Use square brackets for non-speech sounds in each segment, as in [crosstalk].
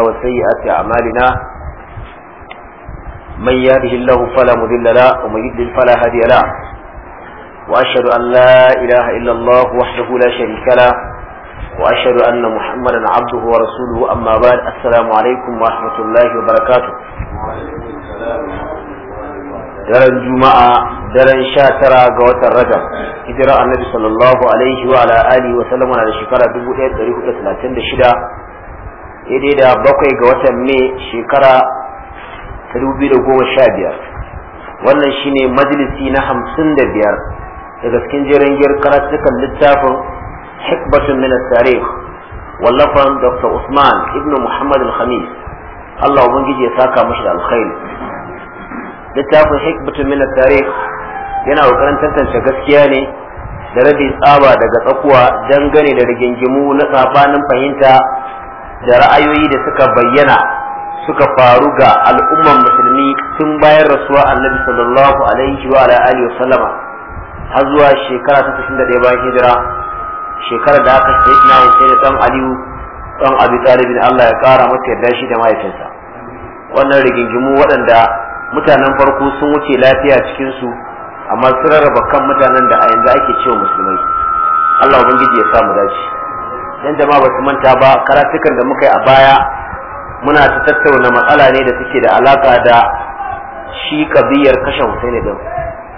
وسيئات أعمالنا من يهده الله فلا مضل له ومن يضلل فلا هادي له وأشهد أن لا إله إلا الله وحده لا شريك له وأشهد أن محمدا عبده ورسوله أما بعد السلام عليكم ورحمة الله وبركاته daren juma'a daren sha tara ga watan rajab hijira annabi sallallahu alaihi wa ala alihi wa sallama na da shekara 1436 daidai da bakwai ga watan mai shekara 2015 da goma wannan shine majalisi na hamsin da biyar daga cikin jerin karatukan littafin hikbatun min wallafan dr usman ibnu muhammad al-khamis allah ubangiji ya saka mashi da alkhairi littafin hikbatun min tarikh yana kokarin tantance gaskiya ne da rabin tsaba daga tsakuwa dangane da rigingimu na tsafanin fahimta da ra'ayoyi da suka bayyana suka faru ga al'umman musulmi tun bayan rasuwa annabi sallallahu alaihi wa alihi wa sallama har zuwa shekara ta 61 bayan hijira shekara da aka sai na Hussein da dan Aliyu dan Abi Talib Allah ya kara mata yarda shi da mahaifinsa wannan rigingimu waɗanda mutanen farko sun wuce lafiya cikin su amma sun rarraba kan mutanen da a yanzu ake cewa musulmai Allah ubangiji ya samu dace dan jama'a ba su manta ba karatukan da muka yi a baya muna ta tattauna matsala ne da suke da alaka da shi kabiyar kashe Husaini din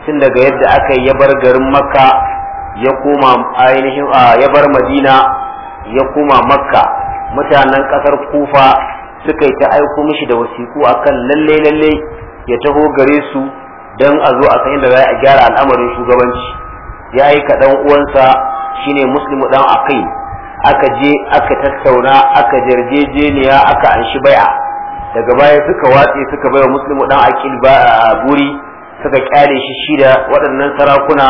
tun daga yadda aka yi ya bar garin Makka ya koma ainihin ya bar Madina ya koma Makka mutanen kasar Kufa suka yi ta aiko mishi da wasiku akan lalle lalle ya taho gare su don a zo a san da za a gyara al'amarin shugabanci ya aika dan uwansa shine muslimu dan akai aka je aka tattauna aka jarjejeniya aka anshi bai'a daga baya suka watse suka baiwa muslimu dan akil buri suka kyale shi shida waɗannan sarakuna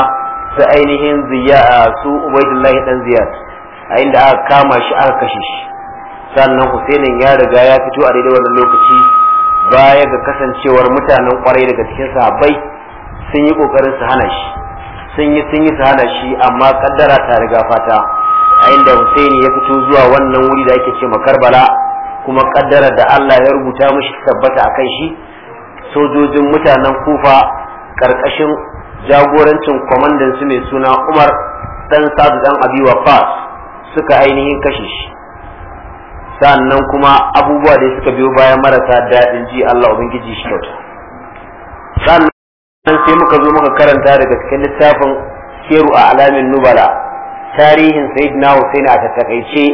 su ainihin ziya su ubaidullahi dan ziyad a inda aka kama shi aka kashe shi sannan husainin ya riga ya fito a daidai wannan lokaci baya ga kasancewar mutanen kwarai daga cikin sahabbai sun yi kokarin su hana shi sun yi sun yi su hana shi amma kaddara ta riga fata a inda Husaini ya fito zuwa wannan wuri da ake ce Karbala kuma kaddara da Allah ya rubuta mishi tabbata akan shi sojojin mutanen Kufa karkashin jagorancin kwamandan su mai suna Umar dan Sa'd dan Abi Waqqas suka ainihin kashe shi sannan kuma abubuwa da suka biyo bayan marasa daɗin ji Allah ubangiji shi kyauta sannan sai muka zo muka karanta daga cikin littafin keru a alamin Nubala tarihin sayyidina Hussein a takaice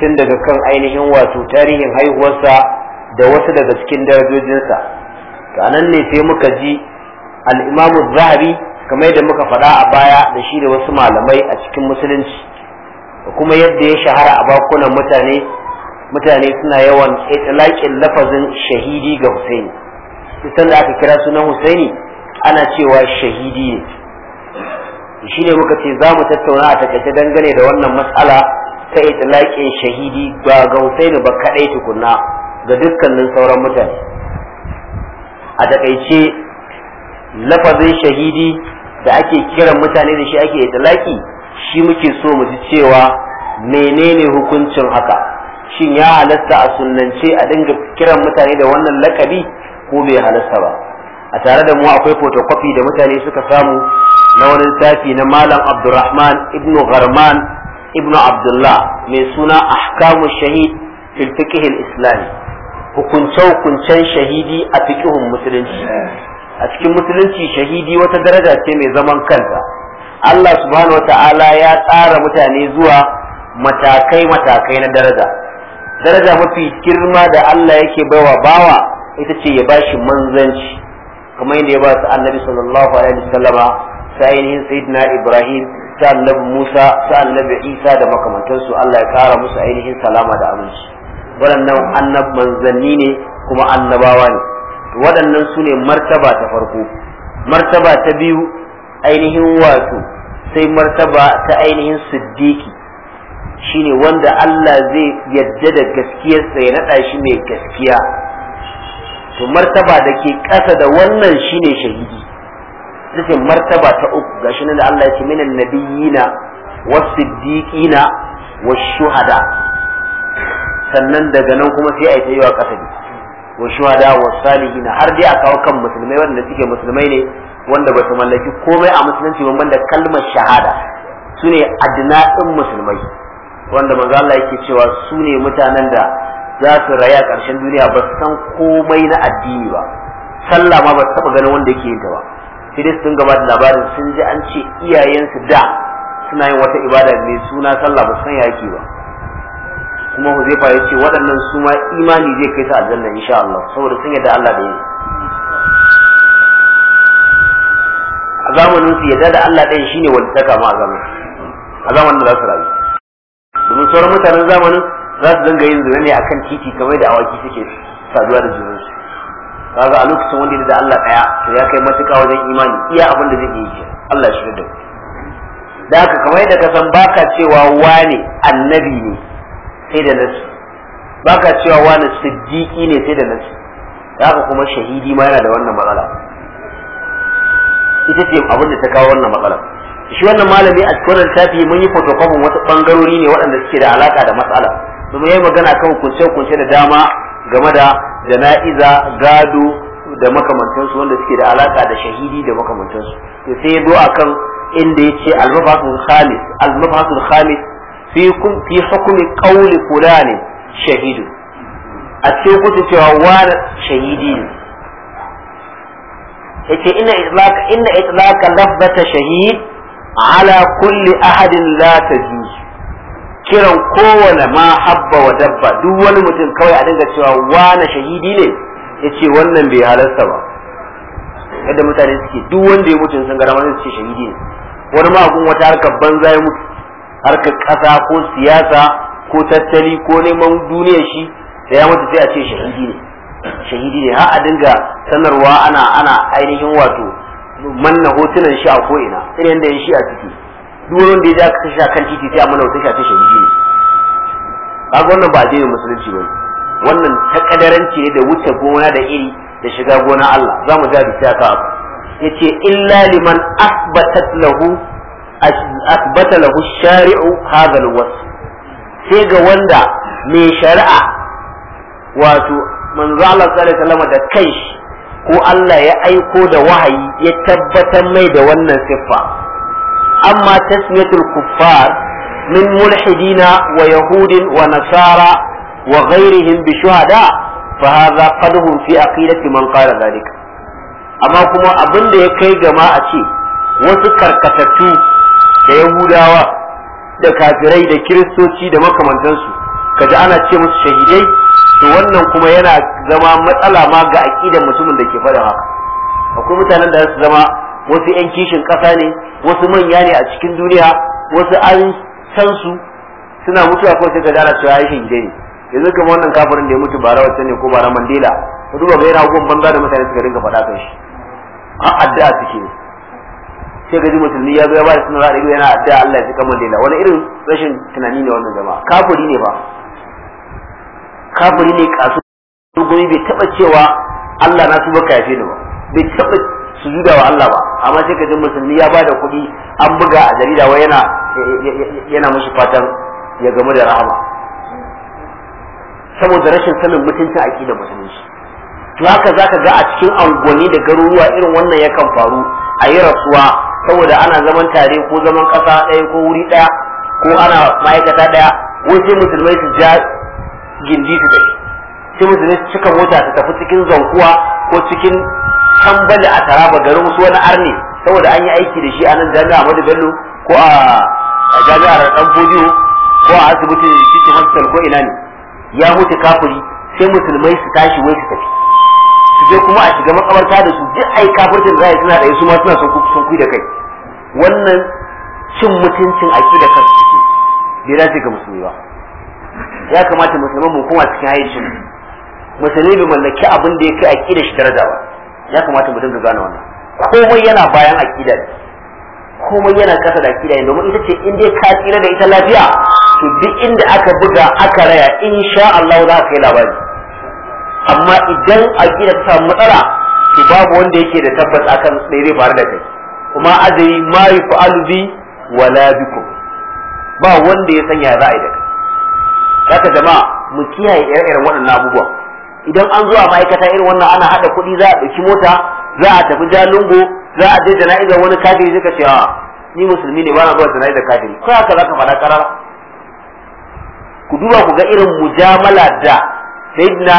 tun daga kan ainihin wato tarihin haihuwarsa da wasu daga cikin darajojinsa to anan ne sai muka ji al-Imam zahabi kamar yadda muka faɗa a baya da shi da wasu malamai a cikin musulunci kuma yadda ya shahara a bakunan mutane mutane suna yawan itlaqin lafazin shahidi ga Husaini duk sanda aka kira sunan Husaini ana cewa shahidi ne shi ne muka ce za mu tattauna a takaice dangane da wannan matsala ta itilaƙin shahidi ba ga Husainu ba kaɗai tukunna ga dukkanin sauran mutane a takaice lafazin shahidi da ake kiran mutane da shi ake itilaƙi shi muke so mu ji cewa menene hukuncin haka shin ya halasta a sunance a dinga kiran mutane da wannan lakabi ko bai halasta ba a tare da mu akwai photocopy da mutane suka samu na wani tafi na malam abdurrahman ibn Garman ibn abdullah mai suna ahkamu shahid fil fiqh islami hukunce-hukuncen shahidi a fiqhun musulunci a cikin musulunci shahidi wata daraja ce mai zaman kanta Allah subhanahu wata'ala ya tsara mutane zuwa matakai-matakai na daraja daraja mafi girma da Allah yake baiwa bawa ita ce ya bashi manzanci kamar yadda ya ba su annabi sallallahu alaihi wasallama ta ainihin sayyidina ibrahim ta annabi musa ta annabi isa da makamantansu allah ya kara musu ainihin salama da aminci waɗannan annab manzanni ne kuma annabawa ne waɗannan su ne martaba ta farko martaba ta biyu ainihin wato sai martaba ta ainihin siddiki shine wanda allah zai yadda da gaskiyarsa ya naɗa shi mai gaskiya to martaba da ke ƙasa da wannan shine shahidi ita martaba ta uku gashi nan da Allah ya ce minan nabiyina was-siddiqina wa shuhada sannan daga nan kuma sai a yi ta yiwa wa wa shuhada wa salihina har dai a kawo kan musulmai wanda suke musulmai ne wanda ba su mallaki komai a musulunci ba banda kalmar shahada su ne adna'in musulmai wanda manzo Allah yake cewa su ne mutanen da za su raya karshen duniya ba san komai na addini ba sallah ma ba su taɓa ganin wanda yake yin ta ba sai dai sun gaba da labarin sun ji an ce iyayensu da suna yin wata ibada mai suna sallah ba san yaki ba kuma Huzaifa ya ce waɗannan su ma imani zai kai su aljanna insha Allah saboda sun yarda Allah da yi a zamanin su yadda da Allah ɗaya shine wani tsaka ma a zamanin a zamanin da za su rayu domin sauran mutanen zamanin za su dinga yin zina ne akan titi kamar da awaki suke saduwa da juna kaga a lokacin wanda da Allah daya to ya kai matuƙa wajen imani iya abin da zai yi ke Allah shi da da haka kamar yadda ka san baka cewa Wani annabi ne sai da nasu baka cewa wani siddiqi ne sai da nasu da haka kuma shahidi ma yana da wannan matsala ita ce abin da ta kawo wannan matsala shi wannan malami a cikin wannan tafi mun yi photocopy wata bangarori ne waɗanda suke da alaka da matsala domin yayi magana kan kunce-kunce da dama game da jana'iza gado da makamantansu wanda suke da alaka da shahidi da makamantansu to sai ya zo akan inda yace al-mafasul khamis al-mafasul khamis fi kun fi hukmi qawli fulani shahidu a ce cikin kuta cewa wani shahidi ne yace inna itlaq inna itlaq lafzata shahid ala kulli ahadin la tajuz kiran kowane ma habba wa dabba duk wani mutum kawai a dinga cewa wane shahidi ne ya ce wannan bai halarta ba yadda mutane suke duk wanda ya mutu sun garama su ce shahidi ne wani magun wata harkar banza ya mutu harkar ƙasa ko siyasa ko tattali ko neman duniyar shi da ya mutu sai a ce shahidi ne shahidi ne har a dinga sanarwa ana ana ainihin wato manna hotunan shi a ko'ina irin da ya shi a ciki duk wani da ya ka kashe kan titi sai a mana wata shafe shahidi ne kaga wannan ba addinin musulunci bane wannan ta kadaranci ne da wuce gona da iri da shiga gona Allah za mu ja bisa ka abu yace illa liman asbatat lahu asbata lahu shari'u hadha alwas sai ga wanda mai shari'a wato manzo Allah sallallahu alaihi wasallam da kai ko Allah ya aiko da wahayi ya tabbatar mai da wannan siffa amma tasmiyatul kuffar min mulhidina wa yahudin wa nasara wa ghairihim bi shuhada fa hadha qadhum fi aqidati man qala dhalika amma kuma abin da ya kai gama a ce wasu karkatattu da yahudawa da kafirai da kiristoci da makamantansu kaji ana ce musu shahidai to wannan kuma yana zama matsala ma ga aqidar mutumin da ke faɗin haka akwai mutanen da su zama wasu 'yan kishin ƙasa ne wasu manya ne a cikin duniya wasu an san su suna mutuwa ko sai ka dara cewa ya shahidai ne yanzu kamar wannan kafirin da ya mutu bara wacce ne ko bara mandela ka duba ga yana abubuwan banza da mutane suka dinga faɗa kan shi an addu'a suke ne sai ga musulmi ya zo ya bada suna raɗa yana addu'a Allah ya fi kan mandela wani irin rashin tunani ne wannan jama'a kafiri ne ba kafiri ne kasu gumi bai taɓa cewa Allah na tuba kafe ni ba bai taɓa sujuda wa Allah ba amma sai ka ji musulmi ya bada kuɗi an buga a jarida wai yana yana mushi fatan ya gamu da rahama saboda rashin sanin mutuncin aqida musulunci to haka zaka ga a cikin angoni da garuruwa irin wannan yakan faru a yi rasuwa saboda ana zaman tare ko zaman ƙasa ɗaya ko wuri ɗaya ko ana ma'aikata ɗaya sai musulmai su ja gindi su dai sai musulmai su cika mota su tafi cikin zankuwa ko cikin tambali a taraba garin wasu wani arne saboda an yi aiki da shi a nan jami'a Ahmadu Bello ko a jami'ar Dan Fodiyo ko a asibitin City Hospital ko ina ne ya mutu kafiri sai musulmai su tashi wai su tafi su je kuma a shiga makabarta da su duk ai kafircin za suna da su ma suna son kuyi da kai wannan cin mutuncin kan su ne bai dace ga musulmi ba ya kamata musulman mu kuma cikin hayyacin musulmi bai mallaki abin da ya kai aƙida shi daraja ba ya kamata mu dinga gane wannan komai yana bayan aƙida ne komai yana kasa da aƙida ne domin ita ce in dai ka tsira da ita lafiya to duk inda aka buga aka raya insha Allah za ka yi labari amma idan aƙida ta samu matsala to babu wanda yake da tabbas akan ɗaya zai faru da kai kuma azai ma yafa'alu bi wala bikum ba wanda ya sanya za a yi da kai haka jama'a mu kiyaye ire-iren waɗannan abubuwan idan an zuwa ma'aikata irin wannan ana haɗa kuɗi za a ɗauki mota za a tafi jalungo za a je jana'izar wani kafiri suka ce a ni musulmi ne ba na zuwa jana'izar kafiri ko haka za ka faɗa karara ku duba ku ga irin mujamala da sayyidina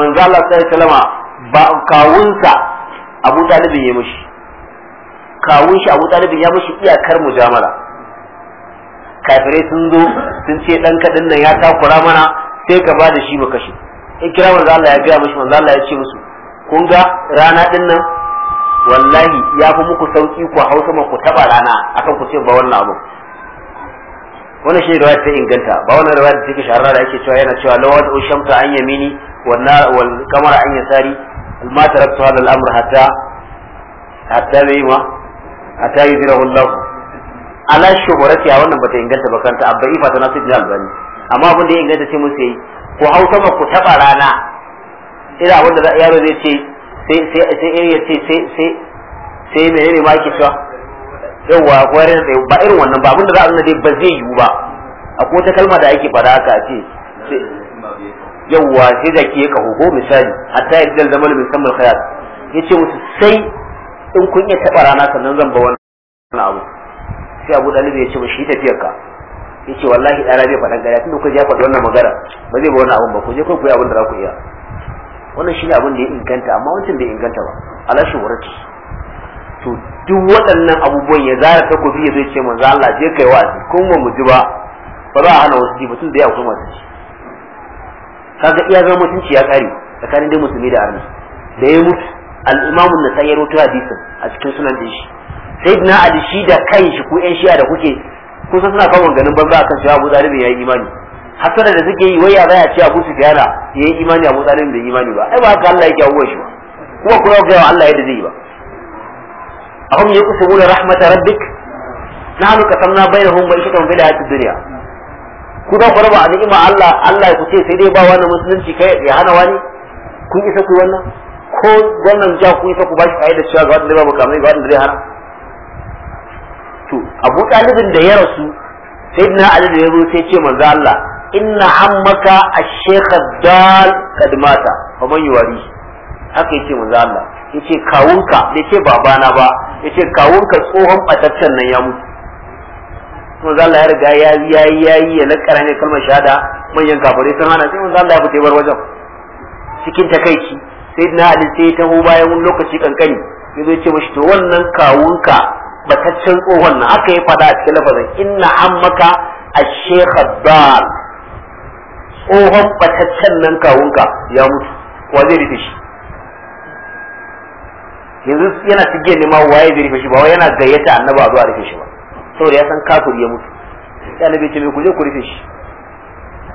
manzo Allah sallallahu alaihi wasallam ba kawunsa Abu Talib ya mishi kawun shi Abu Talib ya mishi iyakar mujamala kafirai sun zo sun ce dan kadin nan ya takura mana sai ka ba da shi mu kashe ya kira manzo Allah ya gaya mushi manzo Allah ya ce musu kun ga rana din nan wallahi ya fi muku sauki ku hau sama ku taba rana akan ku ce ba wannan abu wannan shi da ta inganta ba wannan da da take shahararra da ake cewa yana cewa lawad ushamta an yamini wal kamara an yasari ma taraktu hada al-amr hatta hatta bayma hatta yudirahu Allah ala shuburati a wannan bata inganta ba kanta abba ifa ta nasu jalbani albani amma abin da ya inganta ce musu yi. ku hau sama ku taɓa rana ina abin da yaro zai ce sai sai sai irin ya ce sai sai sai ne ma yake cewa yawa warin sai ba irin wannan ba abin da za a nuna dai ba zai yiwu ba akwai wata kalma da ake fara haka a ce yawwa sai jaki ya kaho ko misali hatta yadda zaman musamman khayar ya ce musu sai in kun iya taɓa rana sannan zan ba wannan abu sai abu ɗalibi ya ce ba shi tafiyar ka yace wallahi ɗara bai faɗan gariya tunda kuka ya faɗi wannan magana ba zai ba wani abun ba ko je ku yi abin da za ku iya wannan shi ne abin da ya inganta amma wancan bai inganta ba ala shuhurati to duk waɗannan abubuwan ya zara kofi ya zai ce manzo Allah je kai wa'azi kun mu ji ba ba za a hana wasu ji mutum da ya kuma ji kaga iya zama mutunci ya kare tsakanin dai musulmi da arni da ya mutu al-imam an-nasai ya rawaito hadisin a cikin sunan din shi sayyidina ali shi da shi ku yan shi'a da kuke sai suna kawo ganin banza akan cewa Abu Dalib ya yi imani hasara da suke yi waya baya ce Abu Sufyan ya yi imani Abu Dalib bai imani ba ai ba haka Allah yake abuwa shi ba kuma kuma ga Allah yadda zai yi ba ahum yaqsimuna rahmat rabbik nahnu qasamna bainahum ma'ishatan fil hayatid dunya ku da ba a ni'ima Allah Allah ku ce sai dai ba wani musulunci kai ya hana wani kun isa ku wannan ko wannan ja ku isa ku ba shi da cewa ga wanda zai ba mukamai ga wanda zai hana abu ɗalibin da ya rasu sai na ali da ya zo sai ce manzo Allah inna ammaka ash-shaykh dal kad mata faman yuwari haka yace manzo Allah yace kawunka da ce babana ba yace kawunka tsohon bataccen nan ya mutu manzo Allah ya riga ya ya yi ya nakara ne kalmar shahada manyan kafirai sun hana sai manzo Allah ya fita bar wajen cikin takaici sai na ali sai ta hu bayan lokaci kankani yazo ya ce mashi to wannan kawunka bataccen tsohon na aka yi fada a cikin lafazin inna ammaka ash-shaykh dal tsohon bataccen nan kawunka ya mutu wa zai rufe shi yanzu yana cike nema waye zai rufe shi ba wai yana gayyata annabi a zuwa rufe shi ba saboda ya san kafiri ya mutu sai annabi ce me ku je ku rufe shi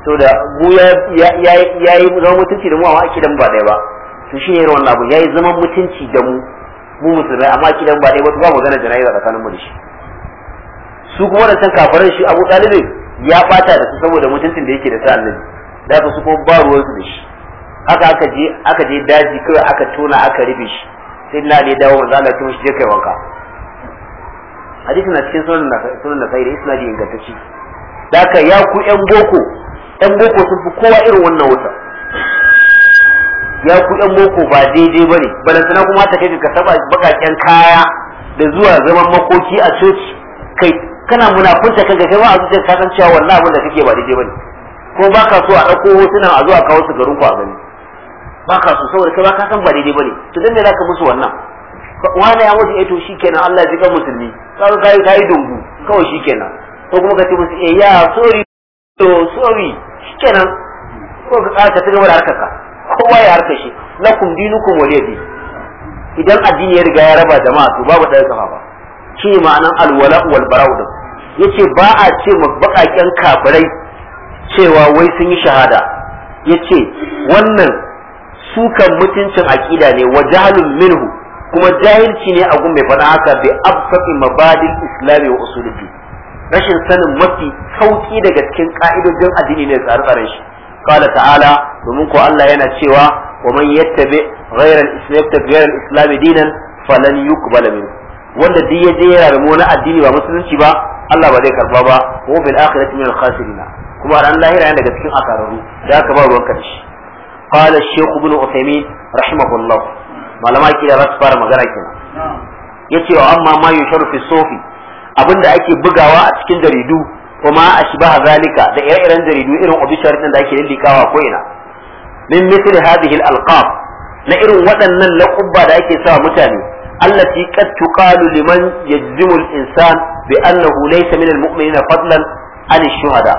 saboda mu ya yi zama mutunci da mu a akidan ba daya ba to shi ne wannan abu ya yi zaman mutunci da mu mu musulmai amma kidan ba dai wata ba magana jana'iza tsakanin mu da shi su kuma da san kafaran shi Abu Talib ya bata da su saboda mutuncin da yake da sa annabi da ka su kuma ba ruwan su da shi haka aka je aka je daji kawai aka tona aka rufe shi sai na ne dawo manzo Allah kuma shi je kai wanka hadisi na cikin sunan sunan da sai da isnadi ingantacci da ka ya ku yan boko yan boko sun fi kowa irin wannan wuta ya ku yan boko ba daidai bane balantana kuma ta kai ka saba bakaken kaya da zuwa zaman makoki a coci kai kana munafunta kaga kai ba a zuciya ka san cewa wannan abin da kake ba daidai bane ko ba ka so a ɗauko hotuna a zuwa kawo su garin ku a gani ba ka so saboda kai ba ka san ba daidai bane to dan me zaka musu wannan wani ya mutu eh to shikenan Allah ya ji kan musulmi ka kai kai dungu kawai shikenan ko kuma ka ce musu eh ya sorry to sorry shikenan ko ka ta gaba da harkar ka kowa ya harka shi lakum dinukum waliya din idan addini ya riga ya raba jama'a to babu ɗaya kafa ba shi ne ma'anan alwala wal barawd yace ba a ce ma baƙaƙen kafirai cewa wai sun yi shahada yace wannan kan mutuncin aƙida ne wa jahlun minhu kuma jahilci ne a gun mai faɗa haka bi absati mabadil islami wa usuluddin rashin sanin mafi sauki daga cikin ka'idojin addini ne tsare-tsaren shi qala ta'ala domin ko Allah yana cewa wa man yattabi ghayra al-islam dinan falan yuqbala min wanda duk yaje yana da wani addini ba musulunci ba Allah ba zai karba ba wa fil akhirati min al-khasirin kuma ran lahira yana daga cikin asararu da aka ba ruwan karshe qala shaykh ibn uthaymeen rahimahullah malama kida za fara magana kenan yace wa amma ma yusharu fi sufi abinda ake bugawa a cikin jaridu kuma ashbaha zalika da ire-iren jaridu irin obituary din da ake lillikawa ko ina min misli hadhihi alqab na irin waɗannan laqabba da ake sawa mutane allati qad tuqalu liman yajzimu al-insan bi annahu laysa min al-mu'minina fadlan an shuhada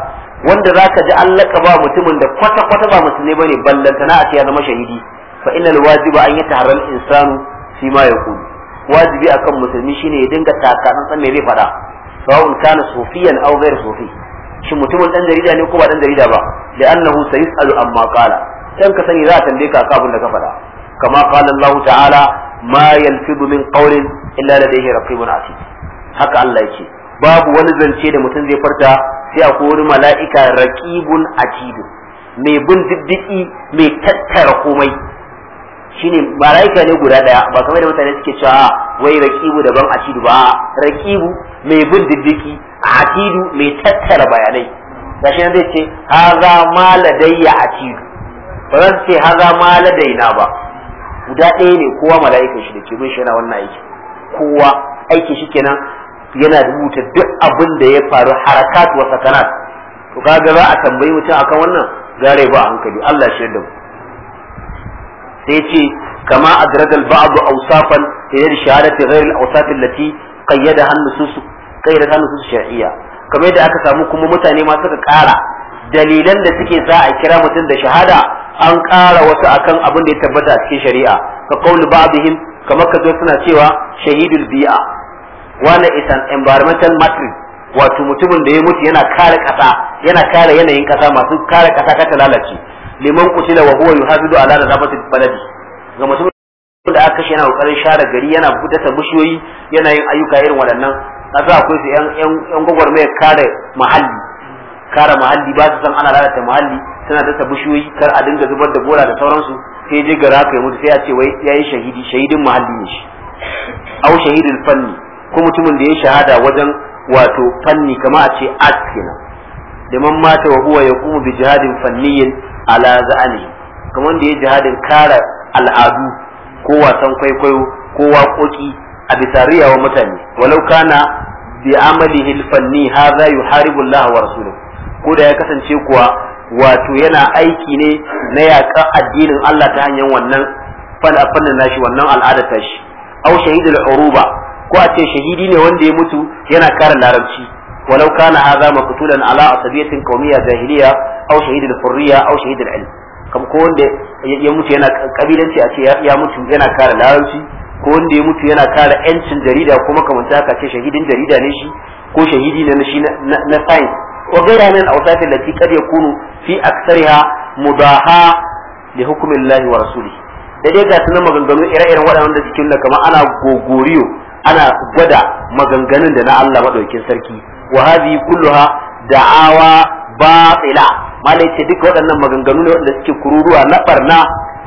wanda zaka ji an laqaba mutumin da kwata kwata ba musulmi bane ballantana a ce ya zama shahidi fa innal wajiba an ta harar insanu fi ma yaqulu wajibi akan musulmi shine ya dinga taka me zai faɗa sawun kana sufiyan aw ghayr sufi shin mutumin dan jarida ne ko ba dan jarida ba li'annahu sayas'alu amma qala dan ka sani za a tambaye ka abin da ka faɗa kama qala Allah ta'ala ma yalfidu min qawlin illa ladayhi raqibun atid haka Allah yake babu wani zance da mutum zai farta sai akwai wani mala'ika raqibun atid mai bin diddiki mai tattara komai shine malaika ne guda daya ba kamar da mutane suke cewa wai rakibu daban atidu ba rakibu mai bin diddiki atidu mai tattara bayanai gashi nan zai ce haza ma ladayya atidu ba zan ce haza ma ladaina ba guda ɗaya ne kowa malaika shi da ke bin shi yana wannan aiki kowa aiki shi kenan yana rubuta duk abin da ya faru harakat wa sakanat to kaga za a tambayi mutum akan wannan gare ba hankali Allah shi da mu sai ce kama a ba'd awsafan ila shahadati ghayr da awsaf allati qayyadaha an-nusus qayyadaha an-nusus shar'iyya kamar yadda aka samu kuma mutane ma suka ƙara dalilan da suke sa a kira mutum da shahada an ƙara wasu akan abin da ya tabbata cikin shari'a ka a ba'dihim kamar ka zo suna cewa shahidul bi'a wani is an environmental matter wato mutumin da ya mutu yana kare ƙasa yana kare yanayin ƙasa masu kare ƙasa ka ta lalace liman kutila wa huwa yuhafidu ala nadafati baladi ga mutum da aka kashe yana kokarin share gari yana ta bushiyoyi yana yin ayyuka irin waɗannan A za akwai su yan yan yan gwagwarmaya kare muhalli kare mahalli ba su san ana lalata muhalli suna dasa bushiyoyi kar a dinga zubar da bola da sauransu sai je gara ka mutu sai a ce wai yayi shahidi shahidin mahalli ne shi au shahidin fanni ko mutumin da ya shahada wajen wato fanni kama a ce art liman mata wa huwa yaqumu bi jihadin fanniyin ala za'ani kuma wanda ya jihadin kara al'adu ko wasan kwaikwayo ko waƙoƙi a bisa wa mutane walau kana bi amalihi fanni hadha yuharibu Allah wa rasuluhu ko da ya kasance kuwa wato yana aiki ne na yaƙa addinin Allah ta hanyar wannan fannin nashi wannan al'adar tashi au shahidul huruba ko a ce shahidi ne wanda ya mutu yana kare larabci ولو كان هذا مقتولا على عصبية قومية جاهلية أو شهيد الحرية أو شهيد العلم kam ko wanda ya mutu yana kabilanci a ce ya mutu yana kare larabci ko wanda ya mutu yana kare yancin jarida ko makamanta haka ce shahidin jarida ne shi ko shahidi ne na shi na science wa gaira min awsafin lati qad yakunu fi aktsariha mudaha li hukmi Allah wa da dai ga sunan maganganu ire-iren waɗanda da cikin da kamar ana gogoriyo ana gwada maganganun da na Allah maɗaukin sarki Wahabi hadhihi da da'awa batila malai duka waɗannan maganganu ne waɗanda suke kururuwa na barna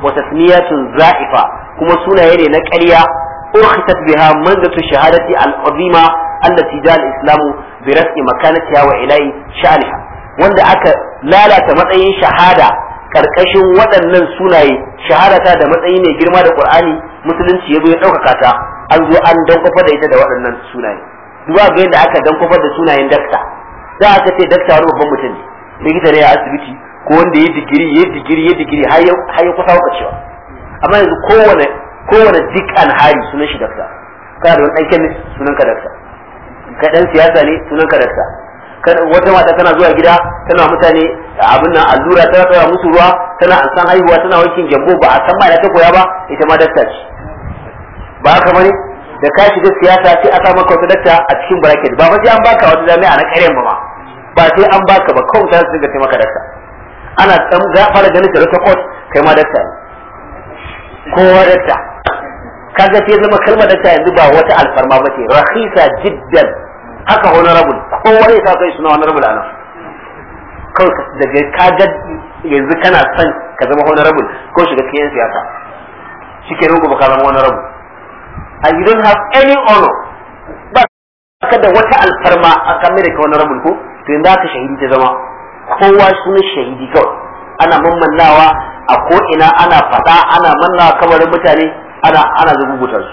wa tasmiyatun za'ifa kuma sunaye ne na ƙarya urkhitat biha manzatu shahadati al-azima allati jaa al-islamu bi raf'i makanatiha wa ila'i wanda aka lalata matsayin shahada ƙarƙashin waɗannan sunaye shahadata da matsayi ne girma da ƙur'ani, musulunci yazo ya ɗaukaka ta an zo an dankwafar da ita da waɗannan sunaye duba ga yadda aka dan kofar da sunayen dakta za aka ce dakta wani babban mutum ne likita ne a asibiti ko wanda ya digiri ya digiri ya digiri har ya kusa wuka cewa amma yanzu kowane kowane dik an hari sunan shi dakta ka da wani ɗan sunan ka dakta ka ɗan siyasa ne sunan ka dakta wata mata tana zuwa gida tana mutane abin nan allura tana tsaya musu ruwa tana an san haihuwa tana wakin gyambo ba a san ma da ta koya ba ita ma dakta ce ba haka bane da ka shiga siyasa sai a samu kwata datta a cikin bracket ba fa sai an baka wata jami'a na ƙaryan ba ma ba sai an baka ba kawai ta su ga kai maka datta ana dan za fara ganin da ta court kai ma datta kowa datta kaga sai zama kalmar datta yanzu ba wata alfarma ba ce rahisa jiddan haka honorable kowa ya sa kai suna honorable anan kawai daga kaga yanzu kana son ka zama honorable ko shiga cikin siyasa shi ke rubu ka zama honorable and you don't have any honor ba ka da wata alfarma a kamar da wani rabin ko to yanzu ka shahidi ta zama kowa suna shahidi kawai ana mammanawa a ko'ina ana faɗa ana mannawa kamarin mutane ana ana zububutar su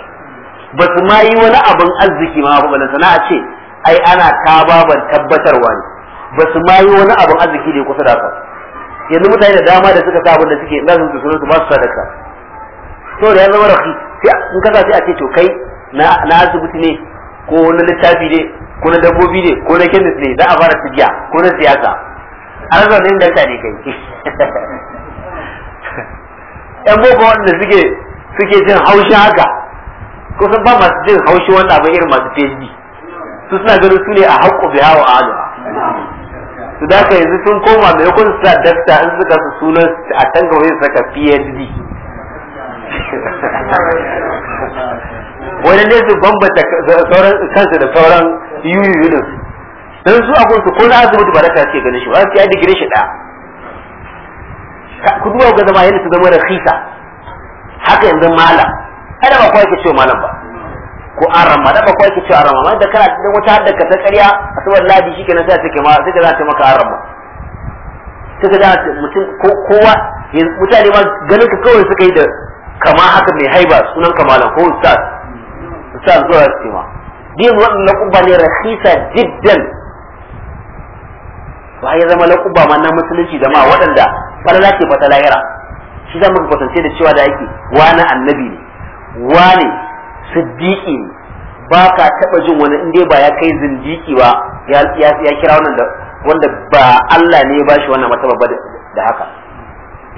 ba su ma yi wani abin arziki ma ba balanta sana'a ce ai ana ta baban tabbatarwa ne ba su ma yi wani abin arziki da ya kusa da haka yanzu mutane da dama da suka sa abin da suke nasu su su ba su sadaka to da ya zama rafi in ka sai a ce to kai na asibiti ne ko na littafi ne ko na dabbobi ne ko na kemis ne za a fara tijiya ko na siyasa a rasa ne da ne kai [laughs] yan boko wanda suke suke jin haushi haka kusan ba masu jin haushi wanda abin irin masu phd su suna ganin su ne a haƙƙo biya a aluwa su da yanzu sun koma mai su sa dasta in suka su sunan a can gaba saka PhD wani ne su bambanta kansu da sauran yuri don su akwai su ko na mutu ba raka suke ganin shi ba su ya digire shi ɗaya ku duba ga zama yadda su zama da khisa haka yanzu malam kada ba kawai ke ce malam ba ko an ramma da ba kawai ke ce an ramma da kana cikin wata haddar ka ta ƙarya a saboda ladi shi kenan sai take ma sai ka za ta maka an ramma sai ka za mutum kowa mutane ma ganin ka kawai suka yi da kama haka mai haiba sunan kamala ko ustaz ustaz zuwa su ma biyan laƙuba ne rahisa jiddan ba ya zama laƙuba ma na musulunci da ma waɗanda falala ke fata lahira shi za mu kwatance da cewa da yake wani annabi ne wani siddiƙi ne ba ka taɓa jin wani inda ba ya kai zindiki ba ya kira wannan da wanda ba Allah ne ya bashi wannan mataba ba da haka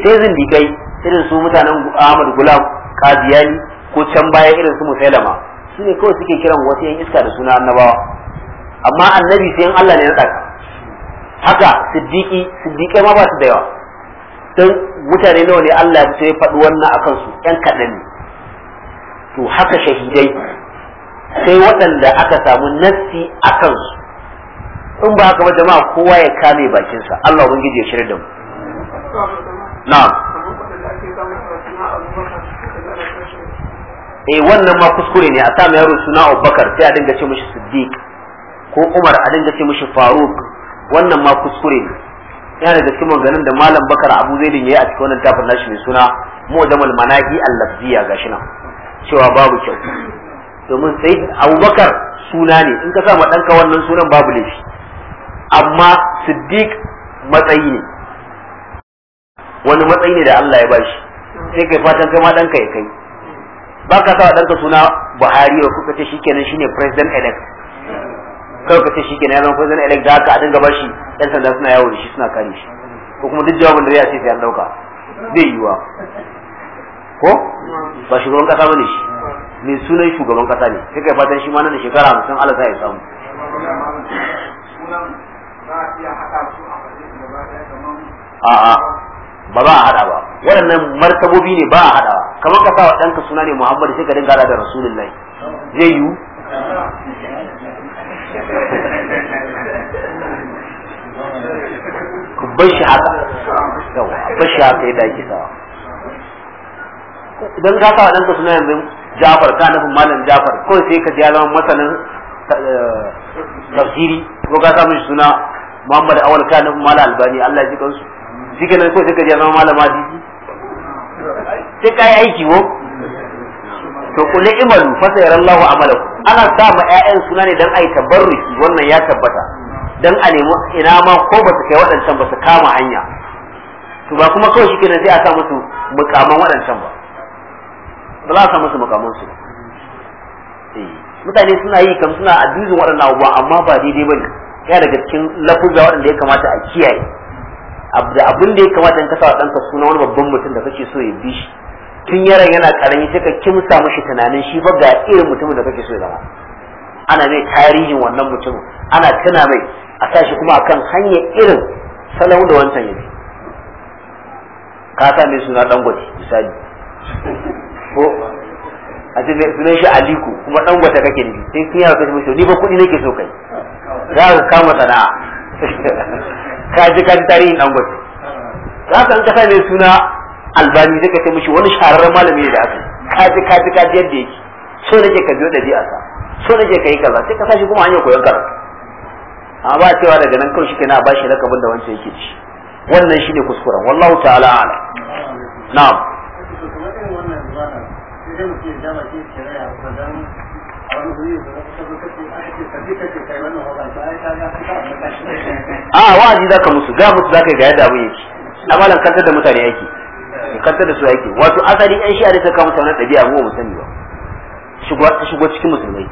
sai zindikai irin su mutanen Ahmad Gulam Kadiyani ko can baya irin su Musailama su ne kawai suke kiran wasu yan iska da suna annabawa amma annabi sai Allah ne ya tsaka haka siddiqi siddiqai ma ba su da yawa dan mutane nawa ne Allah ya fito ya faɗi wannan a kansu ‘yan kaɗan ne to haka shahidai sai waɗanda aka samu nassi a kansu in ba haka ba jama'a kowa ya kame bakinsa Allah ubangiji ya shirya da mu na'am eh wannan ma kuskure ne a sa mai yaro suna Abubakar sai a dinga ce mishi Siddiq ko Umar a dinga ce mishi Faruk wannan ma kuskure ne yana da cikin maganganun da Malam Bakar Abu Zaidin yayi a cikin wannan tafin nashi mai suna Mu'jamul manaki, al lafziya gashi nan cewa babu kyau domin sai Abubakar suna ne in ka sa ma ɗanka wannan sunan babu laifi amma Siddiq matsayi ne wani matsayi ne da Allah ya bashi sai kai fatan kai ma ɗanka ya kai ba ka sawa ɗanka suna buhari ko kuka ce shi kenan shi ne president elect kawai ka ce shi kenan ya zama president elect da ka a dinga ba shi yan sanda suna yawo da shi suna kare shi ko kuma duk jawabin da zai ce sai an ɗauka zai yiwa ko ba shugaban kasa bane shi ne sunan shugaban kasa ne sai kai fatan shi ma nan shekara hamsin Allah sai ya samu a'a ba za a hada ba waɗannan martabobi ne ba a hada kamar ka sawa ɗanka suna ne Muhammad sai ka dinga hada da Rasulullahi zai yiwu ku bar shi haka yawa bar shi haka yadda ake sawa idan ka sawa ɗanka suna yanzu Jafar ka nufin Malam Jafar kawai sai ka ji ya zama masanin eh, tafsiri ko ka samu suna Muhammad Awal ka nufin Malam Albani Allah ya ji kansu shi nan ko sai ka je zama malama didi sai ka yi aiki ko to kulli imalu fa sayarallahu amalakum ana sa ma ƴaƴan suna ne dan ai tabarruki wannan ya tabbata dan a nemi ina ma ko ba su kai waɗancan ba su kama hanya to ba kuma kawai shi nan sai a sa musu mukaman waɗancan ba ba za a sa musu mukaman su eh, mutane suna yi kam suna abuzin waɗannan abubuwa amma ba daidai bane ya daga cikin lafuzza waɗanda ya kamata a kiyaye da abin da ya kamata in kasa ɗanka suna wani babban mutum da kake so ya bi shi tun yaran yana karami sai ka kimsa mishi tunanin shi ba ga irin mutumin da kake so ya zama ana mai tarihin wannan mutumin ana tuna mai a sa shi kuma akan hanyar irin salau da wancan ya bi ka sa mai suna dangote misali ko a ce mai sunan shi aliku kuma dangote kake ne sai kin yara kashe mishi ni ba kuɗi nake so kai za ka kama sana'a [laughs] ka ji kan tarihin dangote za ka an kasa mai suna albani zai ka ce mishi wani shahararren malami ne da aka ka ji ka ji ka ji yadda yake so nake ka biyo ɗabi'a sa so nake ka yi kaza sai ka sa kuma an yi koyon karatu amma ba cewa daga nan kawai shi kenan a bashi lakabin da wancan yake shi wannan shine kuskuren wallahu ta'ala ala na'am sai a wa'azi zaka musu ga musu zaka ga yadda abun yake amalan kantar da mutane yake kantar da su yake wato asali an shi'a ne ta kawo mutane ɗabi'a mu mu sani ba ta shigo cikin musulmai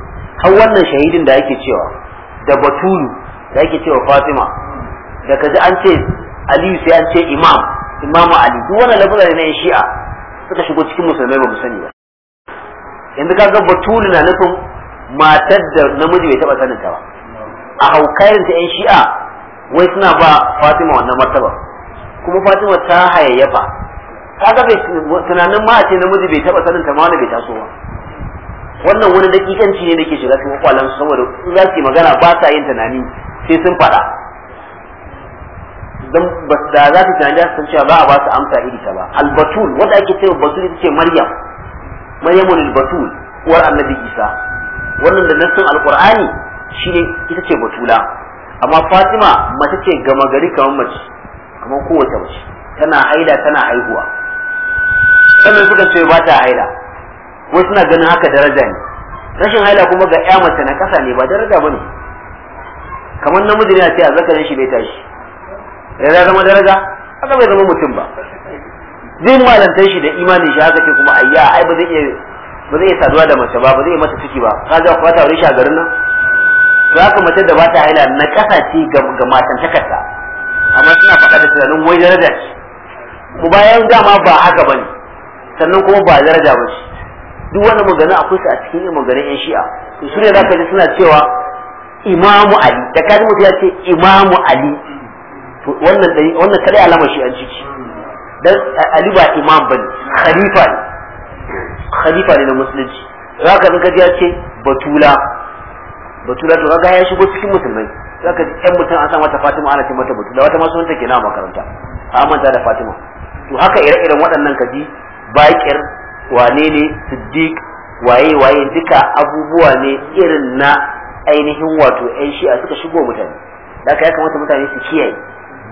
har wannan shahidin da yake cewa da batulu da yake cewa fatima da kaji an ce aliyu sai an ce imam imam ali duk wannan lafuzar ne na shi'a suka shigo cikin musulmai ba mu sani ba yanzu kaga batulu na nufin matar da namiji bai taba sanin ta ba a haukarin ta yan shi'a wai suna ba Fatima wannan martaba kuma Fatima ta hayayyafa kaga bai tunanin ma a ce namiji bai taba sanin ta ma wani bai taso ba wannan wani dakikanci ne dake shiga cikin kwalan saboda in za su yi magana ba sa yin tunani sai sun fada dan da za su tunani za su san cewa ba a ba su amsa iri ta ba albatul wanda ake cewa batul ita ce maryam maryamul batul uwar annabi isa wannan da nassin alqur'ani shi ne ita ce batula amma fatima mace ce gama gari kamar mace kamar kowace mace tana haila tana haihuwa sannan suka ce ba ta haila wasu suna ganin haka daraja ne rashin haila kuma ga ya mace na kasa ne ba daraja bane kamar namiji ne a ce a zakarin shi bai tashi ya zama daraja haka bai zama mutum ba zai malantar shi da imanin shi haka ce kuma ayya ai ba zai iya ba zai saduwa da mace ba ba zai mata ciki ba ka za ku ta risha garin nan to haka mace da ba ta haila na kasa ce ga matan takarta amma suna faɗa da tunanin wai daraja ce ku bayan dama ba haka bane sannan kuma ba daraja ba ce duk wannan magana akwai su a cikin maganganun yan shi'a to su ne za ka ji suna cewa imamu ali da ji mutum ya ce imamu ali to wannan wannan kada alamar shi an ciki dan ali ba imam bane khalifa khalifa ne na musulunci zaka ga ya ce batula batula to kaga ya shigo cikin musulmai zaka ji ɗan mutum an sa mata Fatima ana ce mata batula wata ma sunanta kenan a makaranta a manta da Fatima to haka ire-iren waɗannan kaji bakir wane ne siddiq waye waye duka abubuwa ne irin na ainihin wato ƴan shi'a suka shigo mutane da ya kamata mutane su kiyaye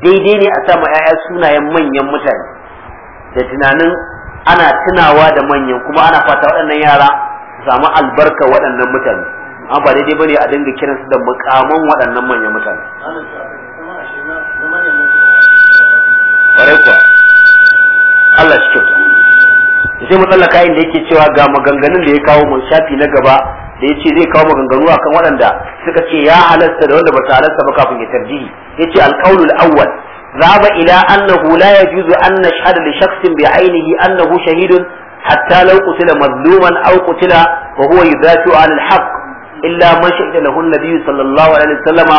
daidai ne a sama 'ya'ya sunayen manyan mutane da tunanin ana tunawa da manyan kuma ana fata waɗannan yara su samu albarka waɗannan mutane an ba daidai bane a dinga kiransu da mukaman waɗannan manyan mutane kwarai kuwa Allah shi kyauta sai mu tsallaka inda yake cewa ga maganganun da ya kawo mun shafi na gaba da ya ce zai kawo maganganu akan waɗanda suka ce ya halasta da wanda ba ta halasta ba kafin ya tarjihi ya ce alƙawul awwal ذهب إلى أنه لا يجوز أن نشهد لشخص بعينه أنه شهيد حتى لو قتل مظلوما أو قتل وهو يدافع عن الحق إلا ما شهد له النبي صلى الله عليه وسلم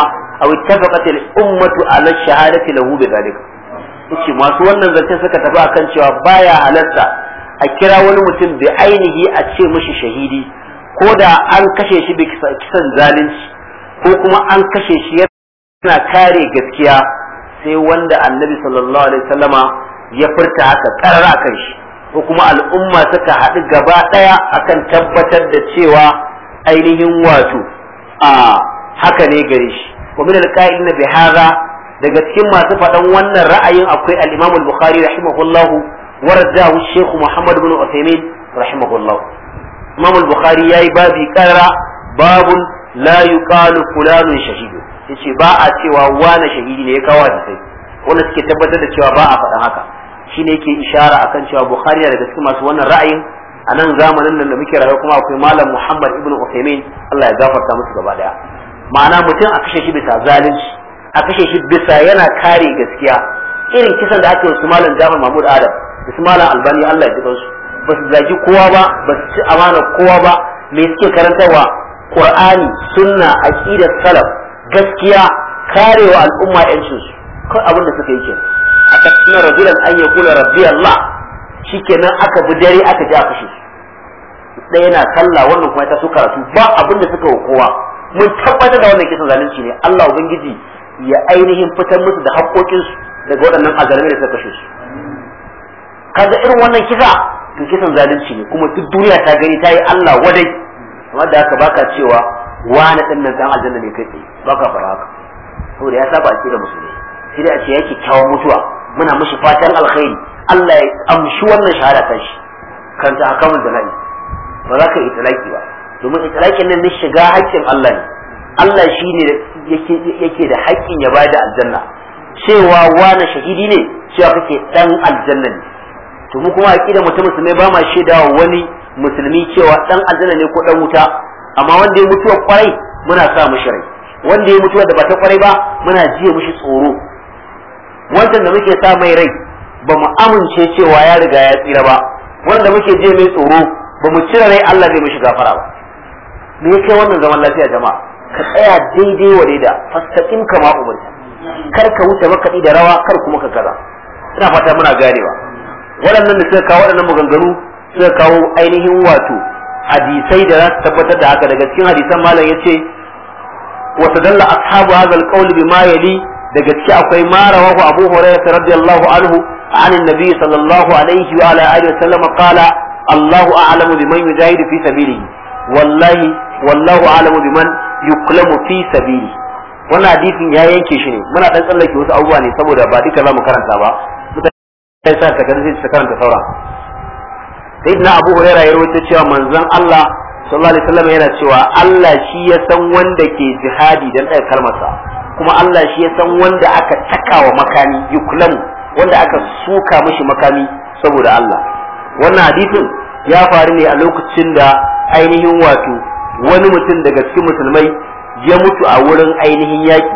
أو اتفقت الأمة على الشهادة له بذلك ce masu wannan zance suka tafi akan cewa baya halarta a kira wani mutum bi ainihi a ce mashi shahidi ko da an kashe shi bi kisan zalunci ko kuma an kashe shi yana kare gaskiya sai wanda annabi sallallahu alaihi sallama ya furta haka karara kan shi ko kuma al'umma suka haɗu gaba ɗaya akan tabbatar da cewa ainihin wato a haka ne gare shi wa min alqa'ilina bi hadha daga cikin masu faɗan wannan ra'ayin akwai al-Imam al-Bukhari rahimahullah wa Sheikh Muhammad ibn Uthaymeen rahimahullah Imam al-Bukhari yayi babi karara babun la yuqalu fulanun shahidu yace ba a cewa wani shahidi ne ya kawo sai wanda suke tabbatar da cewa ba a faɗa haka shine yake ishara akan cewa bukhari na gaske masu wannan ra'ayin a nan zamanin nan da muke rayuwa kuma akwai malam muhammad ibnu usaimin Allah ya gafarta musu gaba daya ma'ana mutum a kashe shi bisa zalunci a kashe shi bisa yana kare gaskiya irin kisan da ake wasu malam jafar mahmud adam da su malam albani Allah ya ji su ba su zagi kowa ba ba su ci amana kowa ba me suke karantarwa qur'ani sunna aqidat salaf gaskiya karewa al'umma yancin su kai abin da suka yi ke? a kasar rajulan an ya kula rabbi Allah shikenan aka bi dare aka ji a kashe ɗaya na sallah wannan kuma ta so karatu ba abin da suka wa kowa mun tabbatar da wannan kisan zalunci ne Allah ubangiji ya ainihin fitar musu da su daga waɗannan azalmai da suka kashe su kaga irin wannan kisa to kisan zalunci ne kuma duk duniya ta gani ta yi Allah wadai amma da haka baka cewa wani ɗan nan dan aljanna ne kai ba ka fara haka saboda ya saba akidar musulmi sai da ce yake kyawun mutuwa muna mishi fatan alkhairi Allah ya amshi wannan shahada ta shi kan ta hakamul jana'i ba za ka yi talaki ba domin talakin nan ne shiga haƙƙin Allah ne Allah shi ne yake da haƙƙin ya bada aljanna cewa wani shahidi ne cewa kake ɗan aljanna ne to mu kuma aqida mutum musulmi ba ma shaidawa wani musulmi cewa ɗan aljanna ne ko ɗan wuta amma wanda ya mutuwa kwarai muna sa mushi rai wanda ya mutuwa da ba ta kwarai ba muna jiye mushi tsoro wanda da muke sa mai rai ba mu amince cewa ya riga ya tsira ba wanda muke je mai tsoro ba mu cire rai Allah zai mishi gafara ba me yake wannan zaman lafiya jama'a ka tsaya daidai wa da fastaqim kama umarta kar ka wuce makaɗi da rawa kar kuma ka kaza ina fata muna ganewa waɗannan da suka kawo waɗannan maganganu suka kawo ainihin wato hadisai da za su tabbatar da haka daga cikin hadisan malam yace wa tadalla ashabu hadha alqawl bima yali daga cikin akwai ma rawahu abu hurairah radiyallahu anhu عن النبي صلى الله عليه وعلى آله وسلم قال الله alamu biman يجاهد fi سبيله wallahi wallahu alamu biman يقلم fi سبيله wannan hadisin ya yanke shi ne muna dan tsallake wasu abubuwa ne saboda ba duka za karanta ba sai sa ta ta karanta sauran sayyidina abu huraira ya rawaito cewa manzon Allah sallallahu alaihi wasallam yana cewa Allah shi ya san wanda ke jihadi dan ɗaya kalmarsa kuma Allah shi ya san wanda aka takawa makami yuklamu wanda aka suka mishi makami saboda Allah wannan hadisin ya faru ne a lokacin da ainihin wato wani mutum daga cikin musulmai ya mutu a wurin ainihin yaki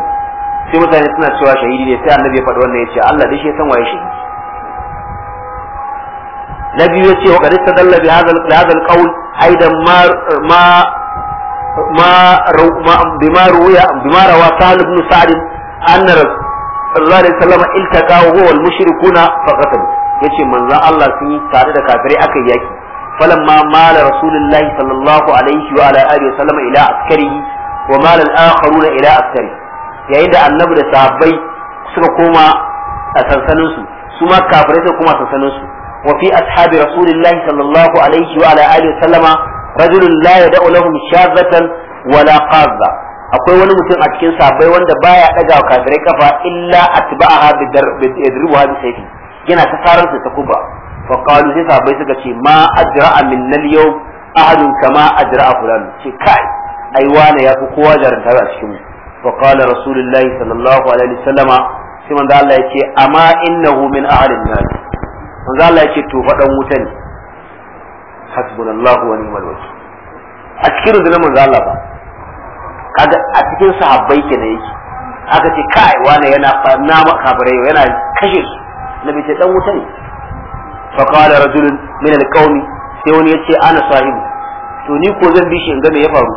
sai mutane suna cewa shahidi ne sai annabi ya faɗi wannan ya ce Allah dai shi ya san waye shahidi na biyu yace wa qadista dalla bi hadha hadha alqawl aidan ma ma ma bima ruya bima rawa sahal ibn sa'd anna sallallahu alaihi wasallam iltaqa wa huwa almushrikuna faqatalu yace manzo Allah sun yi tare da kafirai aka yaki falamma mala rasulullahi sallallahu alaihi wa ala alihi wasallam ila askari wa mala al-akharuna ila askari yayin da annabi da sahabbai suka koma a sansaninsu su ma kafirai suka koma sansaninsu وفي أصحاب رسول الله صلى الله عليه وعلى آله وسلم رجل لا يدع لهم شاذة ولا قاذة akwai wani mutum a cikin sabai wanda baya daga wa kafirai kafa illa atba'aha bi yadribuha bi sayfi yana ta saran sa kubra fa qalu sai sabai suka ce ma ajra'a min al yawm ahadun kama ajra'a fulan ce kai ai ya fi kowa jaranta a cikin mu fa qala rasulullahi sallallahu alaihi wasallama sai manzo Allah yace amma innahu min ahlin nar manzo Allah ya ce to fa dan wuta ne hasbunallahu wa ni'mal wakil a cikin rundunar manzo Allah ba kaga a cikin sahabbai kenan yake aka ce kai wani yana farna makabarai yana kashe su nabi ce dan wuta ne fa qala rajulun min alqawmi sai wani yace ana sahibi to ni ko zan bi shi in ga me ya faru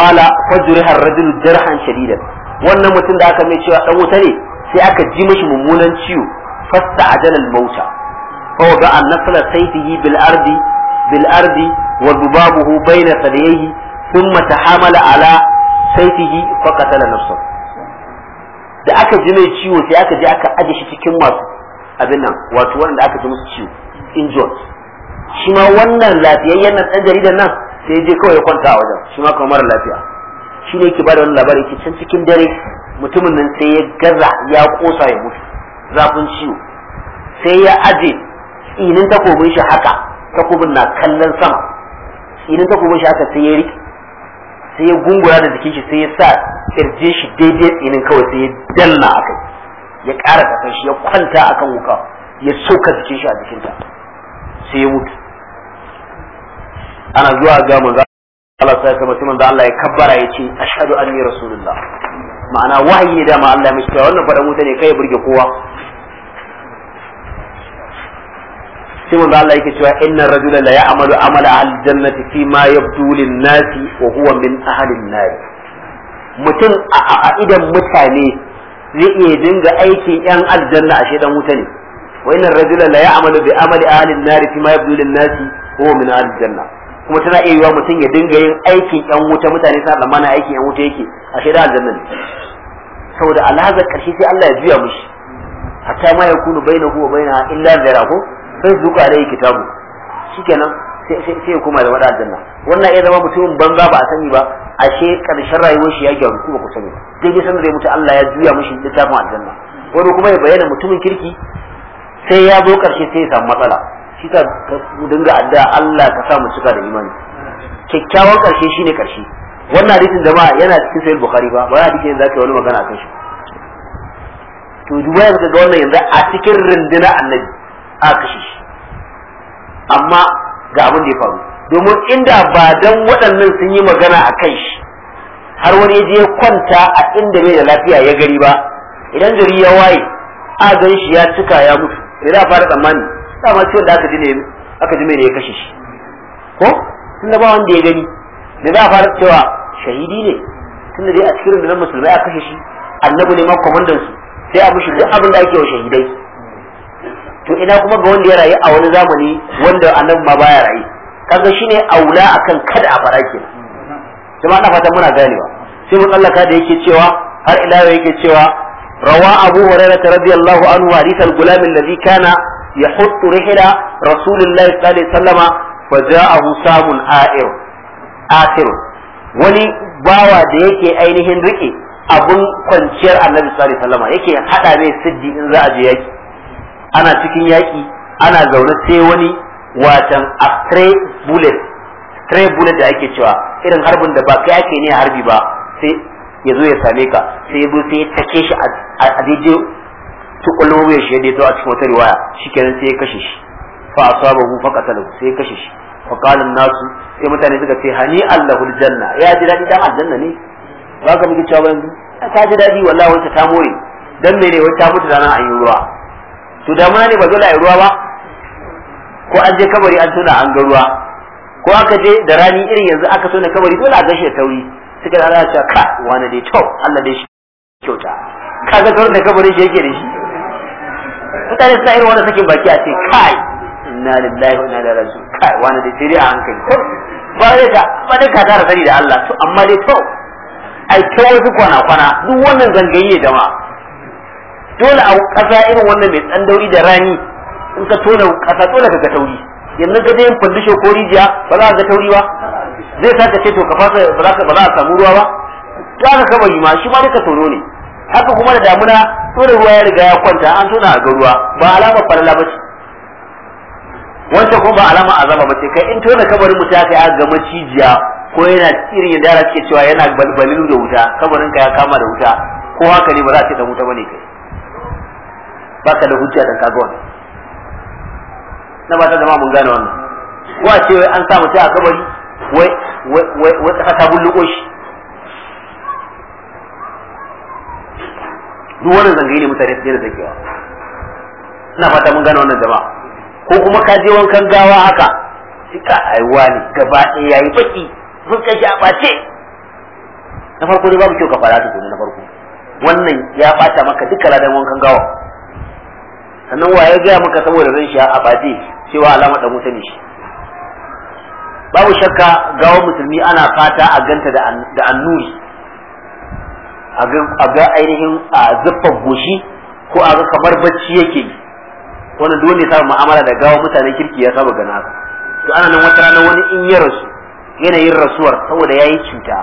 qala fajriha ar-rajul jarhan shadidan wannan mutum da aka mai cewa dan wuta ne sai aka ji mashi mummunan ciwo فاستعجل الموت فوضع نسل سيفه بالأرض بالأرض وذبابه بين ثدييه ثم تحامل على سيفه فقتل نفسه da aka ji mai ciwo sai aka je aka aje shi cikin masu abin nan wato wanda aka ji musu ciwo injured shi ma wannan lafiyayyen nan ɗan jaridar nan sai je kawai ya kwanta a wajen shi ma kamar mara lafiya shi ne yake da wani labari yake can cikin dare mutumin nan sai ya gaza ya kosa ya mutu zafin ciwo sai ya aje tsinin takobin shi haka takobin na kallon sama tsinin takobin shi haka sai ya riƙe sai ya gungura da jikin shi sai ya sa kirje shi daidai tsinin kawai sai ya danna akai ya ƙara kafin shi ya kwanta akan wuka ya soka jikin shi a jikin ta sai ya mutu ana zuwa ga manzo Allah sai kuma sai manzo Allah ya kabbara ya ce ashhadu anni rasulullah ma'ana wahayi ne ma Allah ya mishi wannan fadan mutane ne kai ya burge kowa sai manzo Allah yake cewa innar rajula la ya'malu amala ahli jannati fi ma yabdu lin nasi wa huwa min ahli an-nar mutum a idan mutane zai iya dinga aikin yan aljanna a shedan wuta ne wa innar rajula la ya'malu bi amali ahli an-nar fi ma yabdu lin nasi wa huwa min ahli janna kuma tana iya yiwa mutum ya dinga yin aikin yan wuta mutane sa mana aikin yan wuta yake a shedan aljanna ne saboda alhaza karshe sai Allah ya juya mushi hatta ma yakunu bainahu wa bainaha illa zira ko sai zuku alai kitabu shikenan sai sai kuma da wada aljanna wannan ya zama mutumin banza ba a sani ba ashe karshen rayuwar shi ya gyaru ku ku sani dai dai san da mutu Allah ya juya mishi littafin aljanna wani kuma ya bayyana mutumin kirki sai ya zo karshe sai ya samu matsala shi ta dinga addu'a Allah ka sa mu cika da imani kyakkyawan karshe shine karshe wannan hadisin ba yana cikin sahih bukhari ba ba hadisi yanzu zaka wani magana akan shi to duba yanzu ga wannan yanzu a cikin rindina annabi a kashe shi amma ga abin da ya faru domin inda ba dan waɗannan sun yi magana a kan shi har wani je kwanta a inda bai da lafiya ya gari ba idan gari ya waye a gan shi ya cika ya mutu da za fara tsammani dama ciwon da aka ji ne aka ji mai ne ya kashe shi ko da ba wanda ya gani da za a fara cewa shahidi ne da dai a cikin rundunar musulmai a kashe shi annabi ne ma kwamandansu, sai a mushi duk abin da ake wa shahidai to ina kuma ga wanda ya rayu a wani zamani wanda anan ma baya rayu kaga shine aula akan kada a fara ke kuma na fata muna ganewa sai mu tsallaka da yake cewa har ila yau yake cewa rawa abu hurairah radiyallahu anhu hadithal gulam alladhi kana yahuttu rihla rasulullahi sallallahu alaihi wasallama fa ja'ahu samun a'ir a'ir wani bawa da yake ainihin rike abun kwanciyar annabi sallallahu alaihi wasallama yake hada mai siddi in za a je yaki ana cikin yaƙi ana zaune sai wani watan stray bullet stray bullet da ake cewa irin harbin da ba kai ake ne harbi ba sai ya zo ya same ka sai ya zo sai ya take shi a daidai tukulun wuyan shi ya daidai a cikin wata riwaya kenan sai ya kashe shi fa asabahu fa qatalahu sai ya kashe shi fa qala nasu sai mutane suka ce hani allahu aljanna eh, ya ji daɗi dan aljanna ne ba ka muke cewa ba yanzu eh, ta ji daɗi? wallahi wata ta more dan mene wata ta mutu yi ruwa. to da ne ba dole a yi ruwa ba ko an je kabari an tuna an ga ruwa ko aka je da rani irin yanzu aka tuna kabari dole a gashi tauri suka da Allah ya ka wani dai to Allah dai shi kyauta ka ga da kabari shi yake da shi mutane suna irin wani sakin baki a ce kai inna lillahi wa inna ilaihi raji'un kai wani dai sai a hankali ba dai ta ba dai ka tara sani da Allah to amma dai to ai to wasu kwana kwana duk wannan zangaye ma. dole a ƙasa irin wannan mai tsandauri da rani in ka tona ƙasa dole ka ga tauri yanzu ga dai fundisho fandisho ko rijiya ba za ka ga tauri ba zai sa ka ce to ka fasa ba za a samu ruwa ba to aka kaba yi ma shi ma duka tono ne haka kuma da damuna tona ruwa ya riga ya kwanta an tona a ga ruwa ba alama falala ba ce wancan kuma ba alama azaba ba ce kai in tona kabarin mutum kai a ga macijiya ko yana irin yadda suke cewa yana balbalin da wuta kabarin ka ya kama da wuta ko haka ne ba za a ce da wuta bane kai baka da hujja da kaga wannan na ba ta zama mun gane wannan wa ce wai an samu ta a kabari wai wai wai ta ta bulluko shi duk wannan zangayi ne mutane su da zakewa ina fata mun gane wannan jama'a ko kuma ka je wankan gawa haka suka aiwa ne gaba ɗaya yayi baki sun kashi a ɓace na farko dai babu kyau ka fara ta na farko wannan ya ɓata maka duka ladan wankan gawa sannan wa ya gaya maka saboda zan shi a Sai cewa alama da wuta ne shi babu shakka gawa musulmi ana fata a ganta da annuri a ga ainihin a zuffar goshi ko a ga kamar bacci yake yi wannan dole mu'amala da gawa mutane kirki ya saba gana haka to ana nan wata rana wani in ya rasu yanayin rasuwar saboda yayi cuta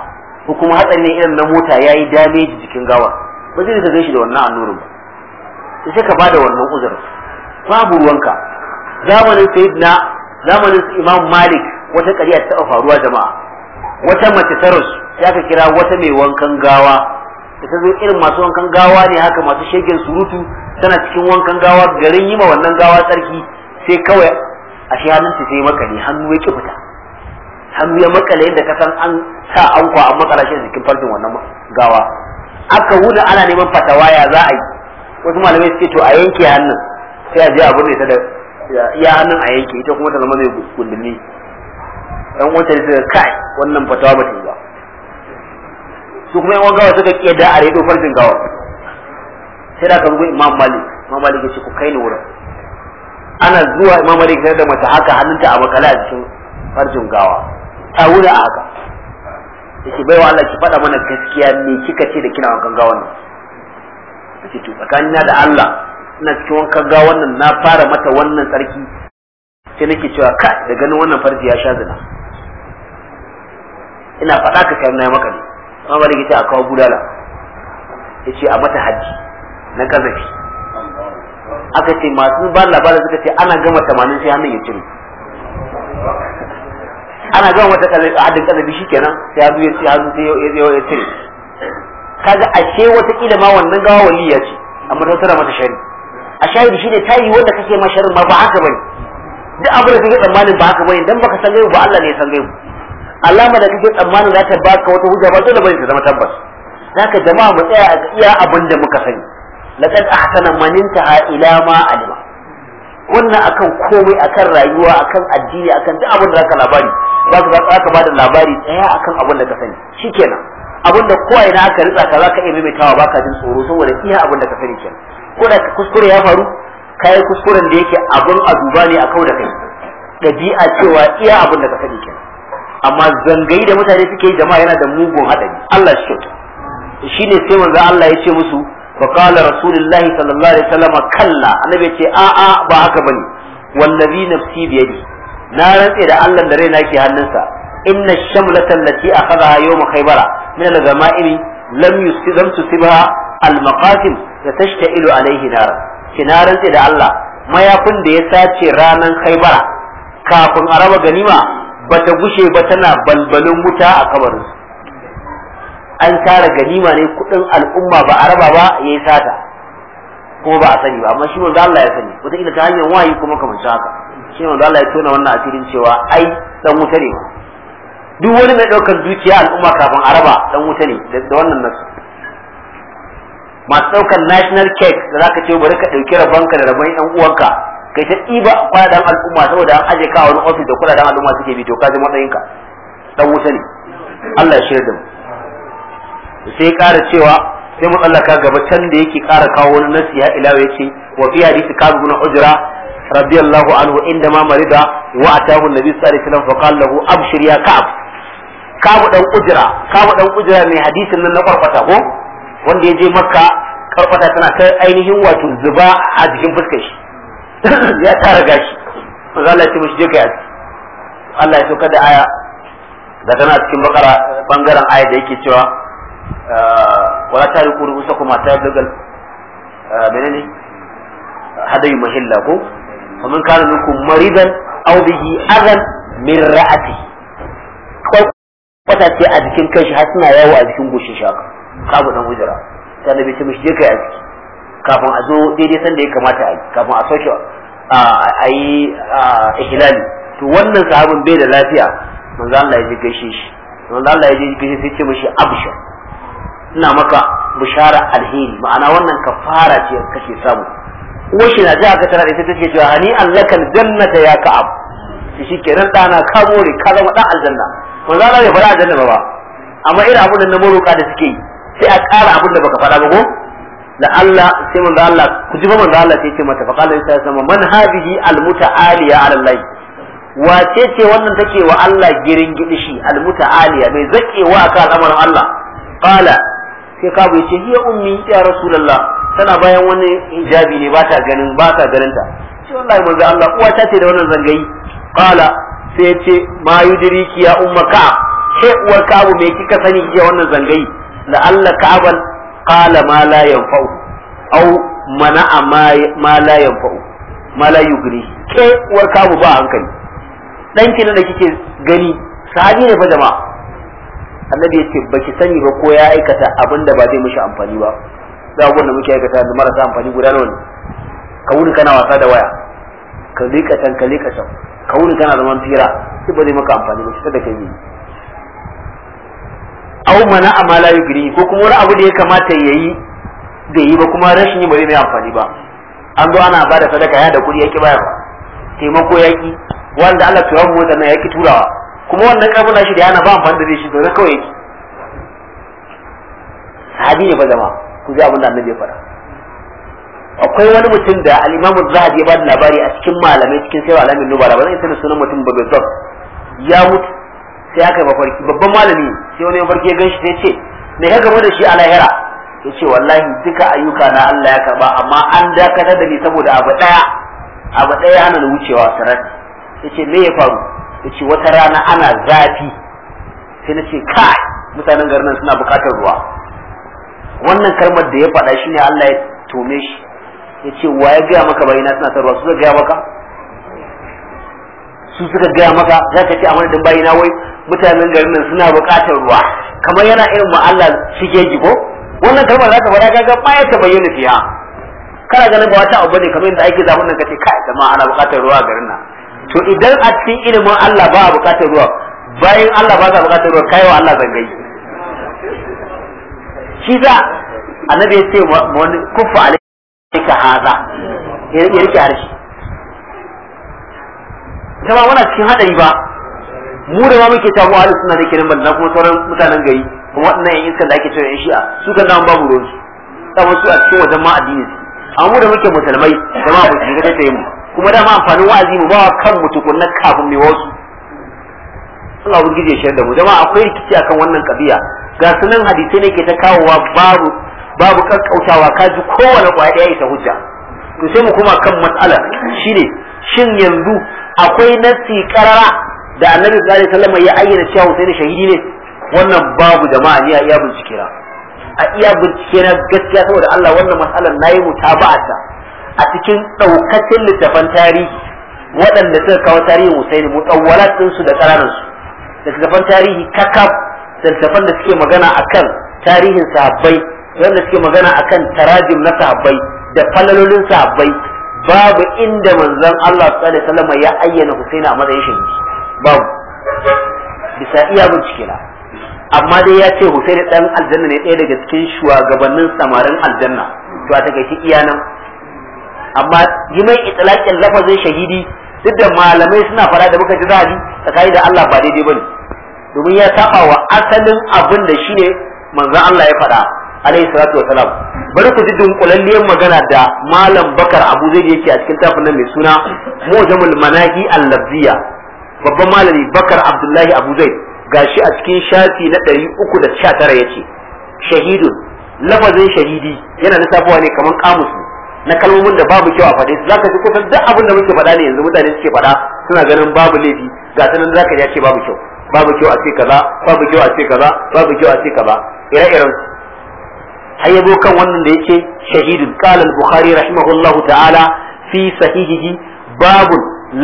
ko kuma hatsari ne irin na mota yayi dameji jikin gawa ba zai ka gaishe da wannan annurin ba sai ka bada wannan uzurin babu ruwanka zamanin sayyidina zamanin imam malik wata ƙarya ta faruwa jama'a wata mace ta rasu kira wata mai wankan gawa da ta zo irin masu wankan gawa ne haka masu shegen surutu tana cikin wankan gawa garin yi ma wannan gawa tsarki sai kawai a shi hannunta sai makale hannu ya ki fita hannu ya makale yadda ka san an sa ankwa an matsala shi a jikin farkin wannan gawa aka wuna ana neman fatawa ya za a yi wasu malamai suke to a yanke hannun sai a je a burne ta da iya hannun a yanke ita kuma ta zama mai gundumi ɗan wacce da suka kai wannan fatawa ba ta yi ba su kuma yan wangawa suka kiyar da a redo farfin gawa sai da kan zo imam malik imam malik ya ce ku kai ni wurin ana zuwa imam malik sai da mata haka hannunta a makala a cikin farfin gawa ta wuri a haka yake baiwa Allah ki faɗa mana gaskiya me kika ce da kina wankan gawa nan nace to tsakanin da Allah ina cikin wankan ga wannan na fara mata wannan tsarki sai nake cewa ka da ganin wannan farji ya sha zina ina faɗa ka sai na yi maka ne amma ba da a kawo budala yace a mata haji na kazafi aka ce masu ba labarin suka ce ana gama tamanin sai hannun ya cire ana gama wata haddin kazafi kenan sai ya zo ya cire kaga ashe wata kila ma wannan gawa waliya ce amma ta tsara mata shari a shahidi shine tayi wanda kake ma sharri ma ba haka bane duk abin da kake tsammanin ba haka bane dan baka san gaibu ba Allah ne ya san gaibu alama da kake tsammanin za ta baka wata hujja ba dole bane ta zama tabbas zaka jama'a mu tsaya a iya abin da muka sani laqad ahsana man intaha ila ma alima wannan akan komai akan rayuwa akan addini akan duk abin da zaka labari ka ba da labari tsaya akan abin da ka sani shikenan abinda kowa ina aka ritsa ka zaka iya maimaitawa baka jin tsoro saboda iya abinda ka sani kenan ko da kuskure ya faru kai kuskuren da yake abun a duba ne a kau da kai dabi'a cewa iya abinda ka sani kenan amma zangayi da mutane suke yi jama'a yana da mugun hadari Allah shi kyauta shine sai manzo Allah ya ce musu fa qala rasulullahi sallallahu alaihi wasallam kalla annabi ya ce a a ba haka bane wallazi nafsi biyadi na rantse da Allah da raina ke hannunsa inna shamlatan lati akhadha yawm khaybara من al لم lam yusibam المقاتل al عليه da tashtailu alaihi الله ما يكون da Allah mayafin da ya sace ranan Khaibara kafin a raba ganima bata ba tana balbalin wuta a an tara ganima ne kudin al'umma ba a raba ba yi sata ko ba a sani ba amma shi manzo Allah ya sani wata ina ta hanyar wayi kuma kamar haka shi manzo Allah ya tona wannan asirin cewa ai dan wuta ne duk wani mai ɗaukar dukiya al'umma kafin araba dan wuta ne da wannan nasu masu ɗaukar national cake da zaka ce bari ka ɗauki rabanka da rabon yan uwanka kai ta ɗiba kwaɗan al'umma saboda an aje ka wani ofis da kuɗaɗen al'umma suke bi to ka ji matsayinka dan wuta ne Allah ya shirya da mu sai ƙara cewa sai mu ka gaba can da yake ƙara kawo wani nasi ya ila ya ce wa fi hadisi ka na ujra radiyallahu anhu indama marida wa atahu nabi sallallahu alaihi wasallam fa qala lahu abshir ya ka'ab kabu dan ujira kabu dan ujira ne hadisin nan na farfata ko wanda ya je makka karfata tana ta ainihin wato zuba a jikin fuskar shi [coughs] ya tara gashi manzo Allah ya ce mishi je kai Allah ya sauka da aya da tana cikin bakara bangaren aya da yake cewa ah, wala tariku rusakum ta dagal ah, menene hadayu muhilla ko famin kana nuku maridan aw bihi adan min ra'atihi kwatace a jikin kai shi har suna yawo a jikin goshin shi haka kabu dan hujra sai annabi ce mishi je kai aski kafin a zo daidai san da ya kamata a yi kafin a soke a yi ihlali to wannan sahabin bai da lafiya manzo Allah ya je gaishe shi manzo Allah ya je gaishe sai ce mishi abshar ina maka bishara alheri ma'ana wannan kafara ce kake samu uwar shi na ji ka tana da ita take cewa hani allakal jannata ya ka'ab shi kenan dana ka more ka zama dan aljanna manzo Allah bai fara aljanna ba amma irin abun da na Moroka da suke yi sai a kara abun da baka faɗa ba ko da Allah sai manzo Allah ku ji manzo Allah sai ce mata faqala isa sama man hadhihi almutaaliya ala Allah wace ce wannan take wa Allah girin gidishi almutaaliya mai zakewa ka al'amarin Allah qala sai ka bai ce hiya ummi ya rasulullah tana bayan wani hijabi ne ba ta ganin ba ta ganin ta ce wallahi manzo Allah uwa ta ce da wannan zangayi qala sai ya ce ma yudiriki ya umma ka ke uwar ka'abu me kika sani iya wannan zangayi Allah kabal kala ma la yanfa'u aw mana'a ma la yanfa'u ma la yugri ke uwar ka'abu ba hankali kina da kike gani sahabi ne fa jama'a annabi ya ce baki sani ba ko ya aikata abin da ba zai mishi amfani ba da abubuwan da muke aikata da marasa amfani guda nawa ne ka wuni kana wasa da waya ka rika can ka rika can ka wuni kana zaman fira shi ba zai maka amfani ba shi da kai yi au mana amala yugri ko kuma wani abu da ya kamata ya yi da yi ba kuma rashin yi ba zai mai amfani ba an zo ana bada sadaka ya da kuɗi yaki bayarwa taimako ya ki wanda Allah ya mu motsa ki turawa kuma wannan karfin shi da yana ba amfani da zai shi to kawai sahabi ne ba zama ku ji abin da annabi ya faɗa akwai wani mutum da al-imamu zahabi ba da labari a cikin malamai cikin sai alamin nubara ba zan yi sanin sunan mutum ba bai ya mutu sai aka yi mafarki babban malami sai wani mafarki ya ganshi sai ce me ka gama da shi a lahira ya ce wallahi duka ayyuka na Allah ya karba amma an dakatar da ni saboda abu daya abu daya ana da wucewa sarar ya ce me ya faru ya ce wata rana ana zafi sai na ce kai mutanen garin nan suna bukatar ruwa wannan kalmar da ya faɗa shine Allah ya tome shi ya ce wa ya gaya maka bayina suna tarwa su suka gaya maka su suka gaya maka za ka ce a madadin na wai mutanen garin nan suna buƙatar ruwa kamar yana irin ma'alla ke ko wannan kalmar za ka ga kaga baya ta bayyana fiya kana ganin ba wata abu ne kamar yadda ake zamun nan ka kai jama'a ana buƙatar ruwa a garin nan to idan a cikin ilimin Allah ba a buƙatar ruwa bayan Allah ba sa buƙatar ruwa kai wa Allah zangai shi za annabi ya ce wani kufa ka haza ya rike harshe ta ba muna cikin haɗari ba mu da ma muke tamu a suna da kiran banda kuma sauran mutanen gari kuma waɗannan yan iskan da ake cewa yan shi'a su kan nan babu ruwansu saboda su a cikin wajen ma addini su amma da muke musulmai da ma musulmi ga tayi mu kuma da ma amfanin wa'azi mu ba kan mu tukunna kafin mai wasu Allah abu ya shi da mu jama'a akwai rikici akan wannan kabiya ga sunan hadisi ne ke ta kawowa babu babu kakkautawa ka ji kowane kwa ɗaya ita hujja to sai mu kuma kan matsala shine shin yanzu akwai nasi karara da annabi sallallahu alaihi wasallam ya ayyana cewa Husaini shahidi ne wannan babu jama'a ne a iya bincike na a iya bincike na gaskiya saboda Allah wannan matsalar nayi mutaba'ata a cikin daukacin littafan tarihi waɗanda suka kawo tarihin Husaini mutawwalat su da kararin su littafan tarihi kakaf littafan da suke magana akan tarihin sahabbai wanda suke magana akan tarajim na sahabbai da falalolin sahabbai babu inda manzon Allah sallallahu alaihi wasallam ya ayyana Husaini a matsayin shi babu bisa iya bincike na amma dai ya ce Husaini dan aljanna ne ɗaya daga cikin shugabannin samarin aljanna to a take iya nan amma yi mai itlaqin lafazin shahidi duk da malamai suna fara da muka ji zahabi tsakani da Allah ba daidai bane domin ya saba wa asalin abin da shine manzon Allah ya faɗa alaihi salatu wa salam bari ku ji dunkulalliyar magana da malam bakar abu zai yake a cikin tafin nan mai suna mujamul manahi al-labziya babban malami bakar abdullahi abu zai gashi a cikin shafi na ɗari uku da tara ya ce. shahidun lafazin shahidi yana da lissafawa ne kamar kamus na kalmomin da babu kyau a faɗe su zaka ji kusan duk abin da muke faɗa ne yanzu mutane suke faɗa suna ganin babu laifi ga sanan zaka ji ce babu kyau babu kyau a ce kaza babu kyau a ce kaza babu kyau a ce kaza ire-iren har yabo kan wannan da yake ce qala al-bukhari rahimahullahu ta'ala fi sahihihi babu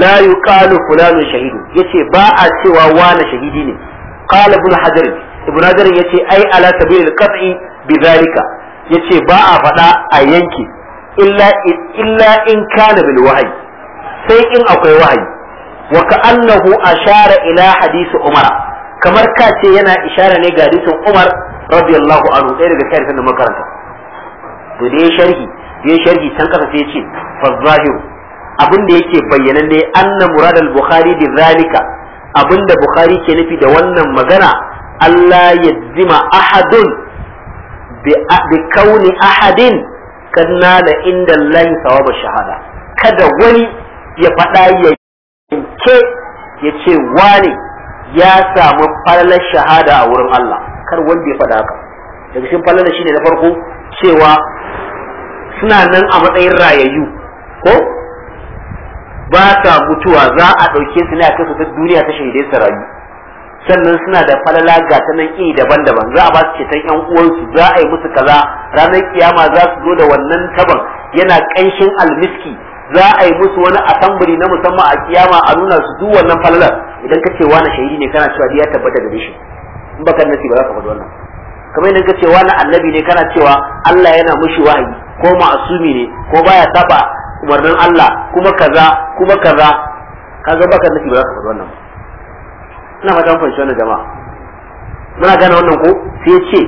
la yuqalu fulanu shahidu yace ba a cewa wani shahidi ne qala ibn hajar ibn hajar yace ai ala sabilil qat'i bidhalika yace ba a fada a yanke illa illa in kana bil wahyi sai in akwai wahayi wa ka'annahu ashara ila hadisi umar kamar kace yana ishara ne ga hadisin umar radiyallahu anhu ɗaya daga shari'a da makaranta to da ya sharhi ya sharhi can kasa sai ya ce fa abin da yake bayyanan ne anna murad al-bukhari bi zalika abin da bukhari ke nufi da wannan magana Allah ya zima ahadun bi kauni ahadin kan da inda Allah sawaba shahada kada wani ya faɗa ya ke ya ce wani ya samu falalar shahada a wurin Allah kar wanda ya faɗa haka daga cikin falala shine na farko cewa suna nan a matsayin rayayyu ko ba sa mutuwa za a ɗauke su ne a kai su ta duniya ta shaidai su rayu sannan suna da falala ga ta nan iri daban-daban za a ba su ceton yan uwansu za a yi musu kaza ranar kiyama za su zo da wannan taban yana ƙanshin almiski za a yi musu wani asambari na musamman a kiyama a nuna su duk wannan falalar idan ka ce wani shahidi ne kana cewa ya tabbata da shi in baka nasi ba za ka faɗi wannan kamar yadda ce wani annabi ne kana cewa Allah yana mushi wahayi ko ma'asumi ne ko baya saba umarnin Allah kuma kaza kuma kaza kaga baka nasi ba za ka faɗi wannan ina fatan fahimci wannan jama'a muna gane wannan ko sai ya ce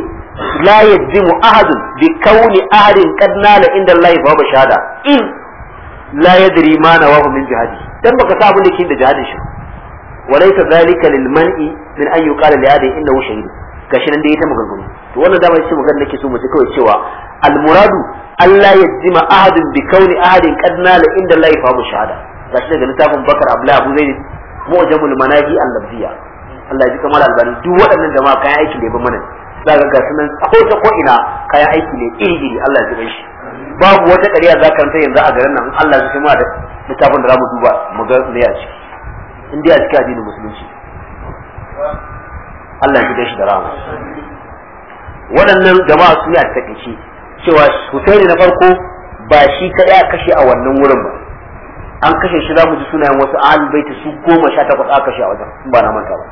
la yajimu ahadun bi kauni ahadin qad nala inda Allah fa bashada in la yadri ma nawahu min jihadi dan baka sa abin da ke da jihadin shi walaysa zalika lil man'i min an yuqala li hadi innahu shahid gashi nan da yayi ta maganganu to wannan da ce magana nake so mu kawai cewa al muradu Allah ya jima ahadin bi kauni ahadin qad nala inda Allah ya famu shahada gashi daga littafin Bakar Abdullahi Abu Zaid mu'jamul manaji al-labziya Allah ya ji kamar albani duk waɗannan ma kayan aiki ne ba mana za ga gasu nan a ko ta ko ina kayan aiki ne iri iri Allah ya ji shi babu wata ƙarya za ka yanzu a garin nan Allah ya ji ma da littafin da za mu duba mu ga ne a ciki in dai a cikin addinin musulunci Allah ya shi da rahama waɗannan jama'a su ne a takaice cewa Husaini na farko ba shi kaɗai a kashe a wannan wurin ba an kashe shi za mu ji sunayen wasu ahlul baiti su goma sha takwas aka kashe a wajen ba na manta ba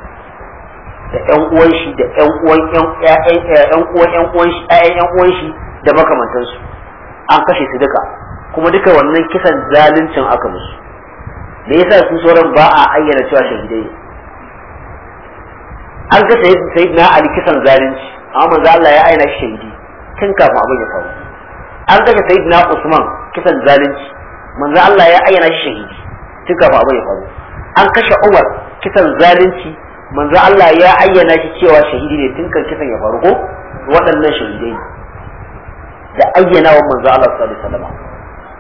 da ƴan uwan shi da ƴan uwan ƴaƴan ƴan uwan ƴan uwan shi ƴaƴan ƴan uwan shi da makamantansu an kashe su duka kuma duka wannan kisan zaluncin aka musu me yasa su sauran ba a ayyana cewa shahidai an ga sayyidina ali kisan zalunci amma manzo Allah ya ayyana shahidi tun kafin abin ya faru an ga sayyidina usman kisan zalunci manzo Allah ya ayyana shahidi tun kafin abin ya faru an kashe umar kisan zalunci manzo Allah ya ayyana shi cewa shahidi ne tun kan kisan ya faru ko waɗannan shahidai da ayyana wa manzo Allah sallallahu alaihi wasallam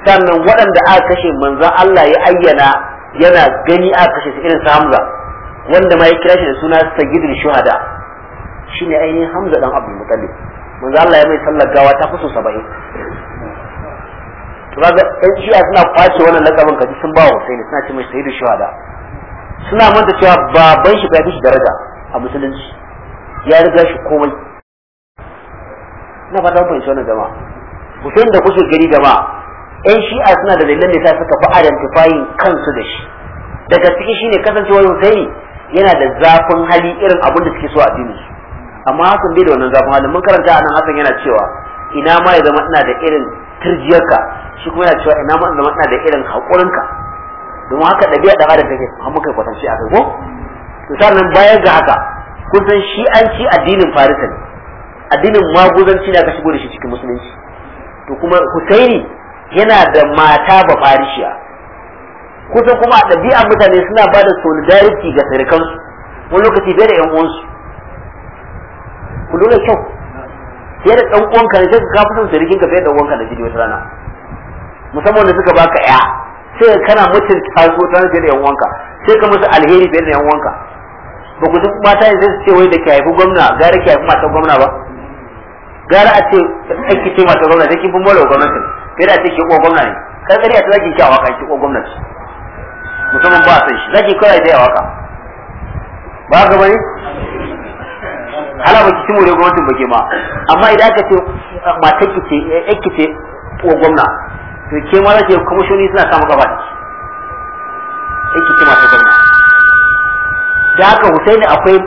sannan waɗanda aka kashe manzo Allah ya ayyana yana gani a kashe su irin su hamza wanda ma ya kira shi da suna sayyidul shuhada shine ainihin hamza dan abdul mutallib manzo Allah ya mai sallar gawa ta kusa 70 to kaga ɗan shi'a suna kwace wannan lakabin kaji sun ba wa Husaini suna ce mai sayyidul shuhada suna manta cewa baban shi bai shi daraja a musulunci ya riga shi komai ina fata mun fahimci wannan jama'a Hussein da kuke gari jama'a yan shi'a suna da dalilan da suka fi identifying kansu da shi daga ciki shine kasancewar Husaini yana da zafin hali irin abin da suke so a dini amma Hassan bai da wannan zafin hali mun karanta anan Hassan yana cewa ina ma ya zama ina da irin turjiyarka shi kuma yana cewa ina ma zama ina da irin haƙurinka domin haka ɗabi'a da adam take an muka kwatance a kai ko to sannan bayan ga haka kun san shi'anci addinin farisa ne addinin maguzanci ne aka shigo da shi cikin musulunci to kuma Husaini yana da mata ba farishiya kusan kuma a ɗabi'a mutane suna ba da solidarity ga sirikansu wani lokaci bai da yan uwansu ku lura kyau fiye da ɗan uwanka ne sai ka fi son sirikin ka fiye da uwanka da jini wata rana musamman da suka baka ya sai kana mutum taso ta fiye da yan uwanka sai ka musu alheri fiye da yan uwanka ba ku duk mata yanzu su ce wai da ke gwamna gara ke haifi matan gwamna ba gara a ce ake ce matan gwamna sai kin fi mola gwamnatin kai da take ko gwamna ne kai gari ta zaki kyawa kai ki ko gwamnati mutumin ba san shi zaki kai da yawa ka ba ga bane halaba ki gwamnati ba ke ma amma idan aka ce eh, matar ki ce yake eh, ce ko gwamna to ke ma zaki kuma suna samu gaba ki yake ce ta gwamnati da haka Husaini akwai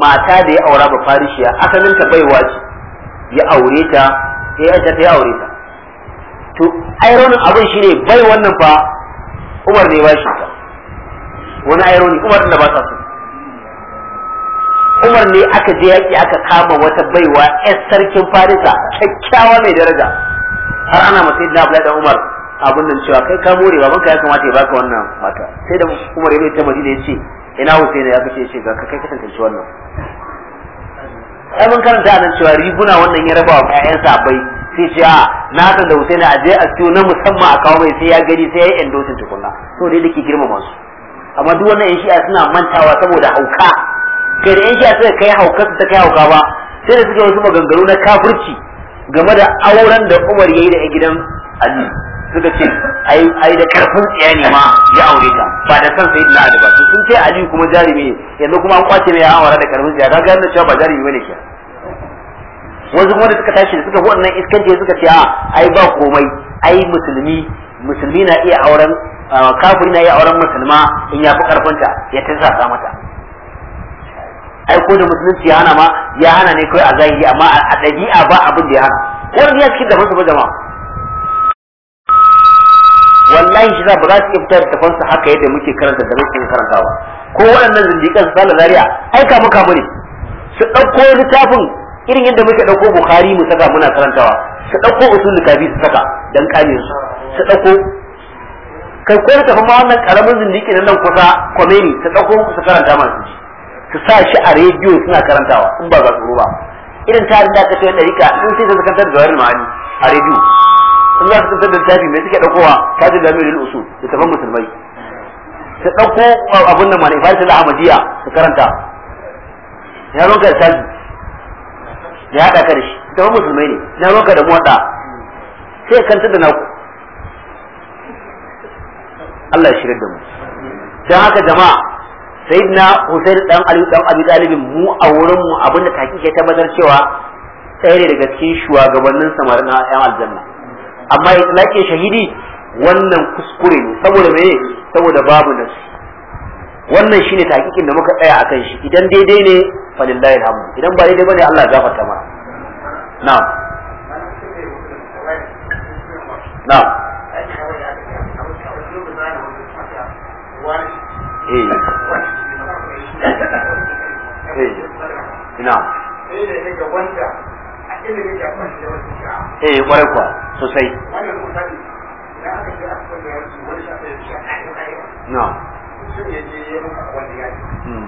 mata da ya aura ba farishiya asalin ta baiwa ya aure eh, ta ya aure ta ai raunin abin ne bai wannan fa Umar ne ba shi ta wani airo rauni Umar da ba sa so Umar ne aka je yaki aka kama wata baiwa ƴar sarkin Farisa kyakkyawa mai daraja har ana masai da Abdullahi da Umar abin nan cewa kai ka more ba ka ya kamata ya baka wannan mata sai da Umar ya ta Madina ya ce ina Hussein ya kace ce ga ka kai kasance wannan ai mun karanta nan cewa riguna wannan ya wa ƴaƴansa bai sai ce a na san da Hussein a je a siyo na musamman a kawo mai sai ya gani sai ya yi endorsing tukunna to dai dake girmama su amma duk wannan yan shi'a suna mantawa saboda hauka kai da yan shi'a suka kai hauka su ta kai hauka ba sai da suke wasu maganganu na kafirci game da auren da Umar yayi da gidan Ali suka ce ai ai da karfin tsiya ne ma ya aure ta ba da san sayyidina Ali ba sun ce Ali kuma jarumi yanzu kuma an kwace mai ya aure da karfin tsiya gani yana cewa ba jarumi bane kenan wasu wanda suka tashi suka bi wannan je suka ce a ah, ai ba komai ai musulmi musulmi na iya auren ah, kafiri na iya auren musulma in ya fi karfinta ya sa mata ai ko da musulunci ya hana ma ya hana ne kawai a zahiri amma a ɗabi'a ba abin da ya hana wannan ya cikin da musu jama'a wallahi shi za ba za su iya fitar da fansa haka yadda muke karanta da muke karantawa ko waɗannan zindiƙan su sala zaria ai kamu kamu ne su ɗauko littafin irin yadda muke dauko bukhari mu saka muna karantawa su dauko usul kabi su saka dan kare su su dauko kai ko ta kuma wannan karamin zindiki nan nan kusa komeni su dauko su karanta masu su su sa shi a rediyo suna karantawa in ba za su ruba. irin tarin da aka ce wanda rika sun sai su kantar da wani ma'ani a rediyo in za su kantar da tafi mai suke daukowa tajin lamirin usul da tafi musulmai su dauko abun nan ma na ifatul ahmadiyya su karanta ya ronka tafi ya haɗa shi ita ba musulmai ne na maka da motsa sai kanta da naku Allah ya shirya da mu don haka jama'a na Hussein ɗan aliyu ɗan Abi ɗalibin mu a wurin mu abinda hakike ke tabbatar cewa tsaye ne daga cikin shugabannin samarin ƴan aljanna amma ya tsalaƙe shahidi wannan kuskure ne saboda me saboda babu nasu wannan shine takikin da muka tsaya akan shi idan daidai ne falillahi alhamdu idan ba daidai bane Allah ya gafarta mana na'am na'am eh na'am eh kwarai kuwa sosai na'am mutum ya je ya da shi ne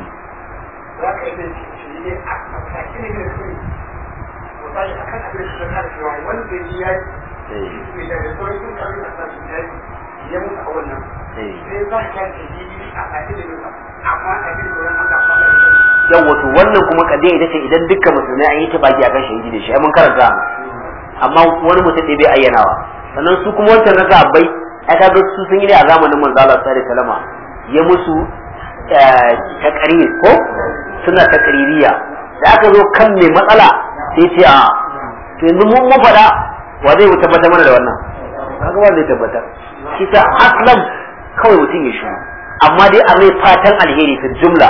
a ne su a kan abin da ya a wannan ka yi shi a ne amma wani aka fara yi kuma kadai ita ce idan dukkan musulmai an yi ta baki kan shahidi da shi ai karanta amma wani mutum ɗaya bai ba sannan su kuma wancan na bai aka ga su sun yi ne a zamanin manzo Allah sallallahu alaihi wasallam ya musu eh, takarir ko suna takaririya da aka zo kan mai matsala sai ce a ah, to yanzu mun mu faɗa wa zai tabbatar mana da wannan kaga wanda zai tabbatar shi ta aslam kawai mutum ya shi amma dai a mai fatan alheri ta jumla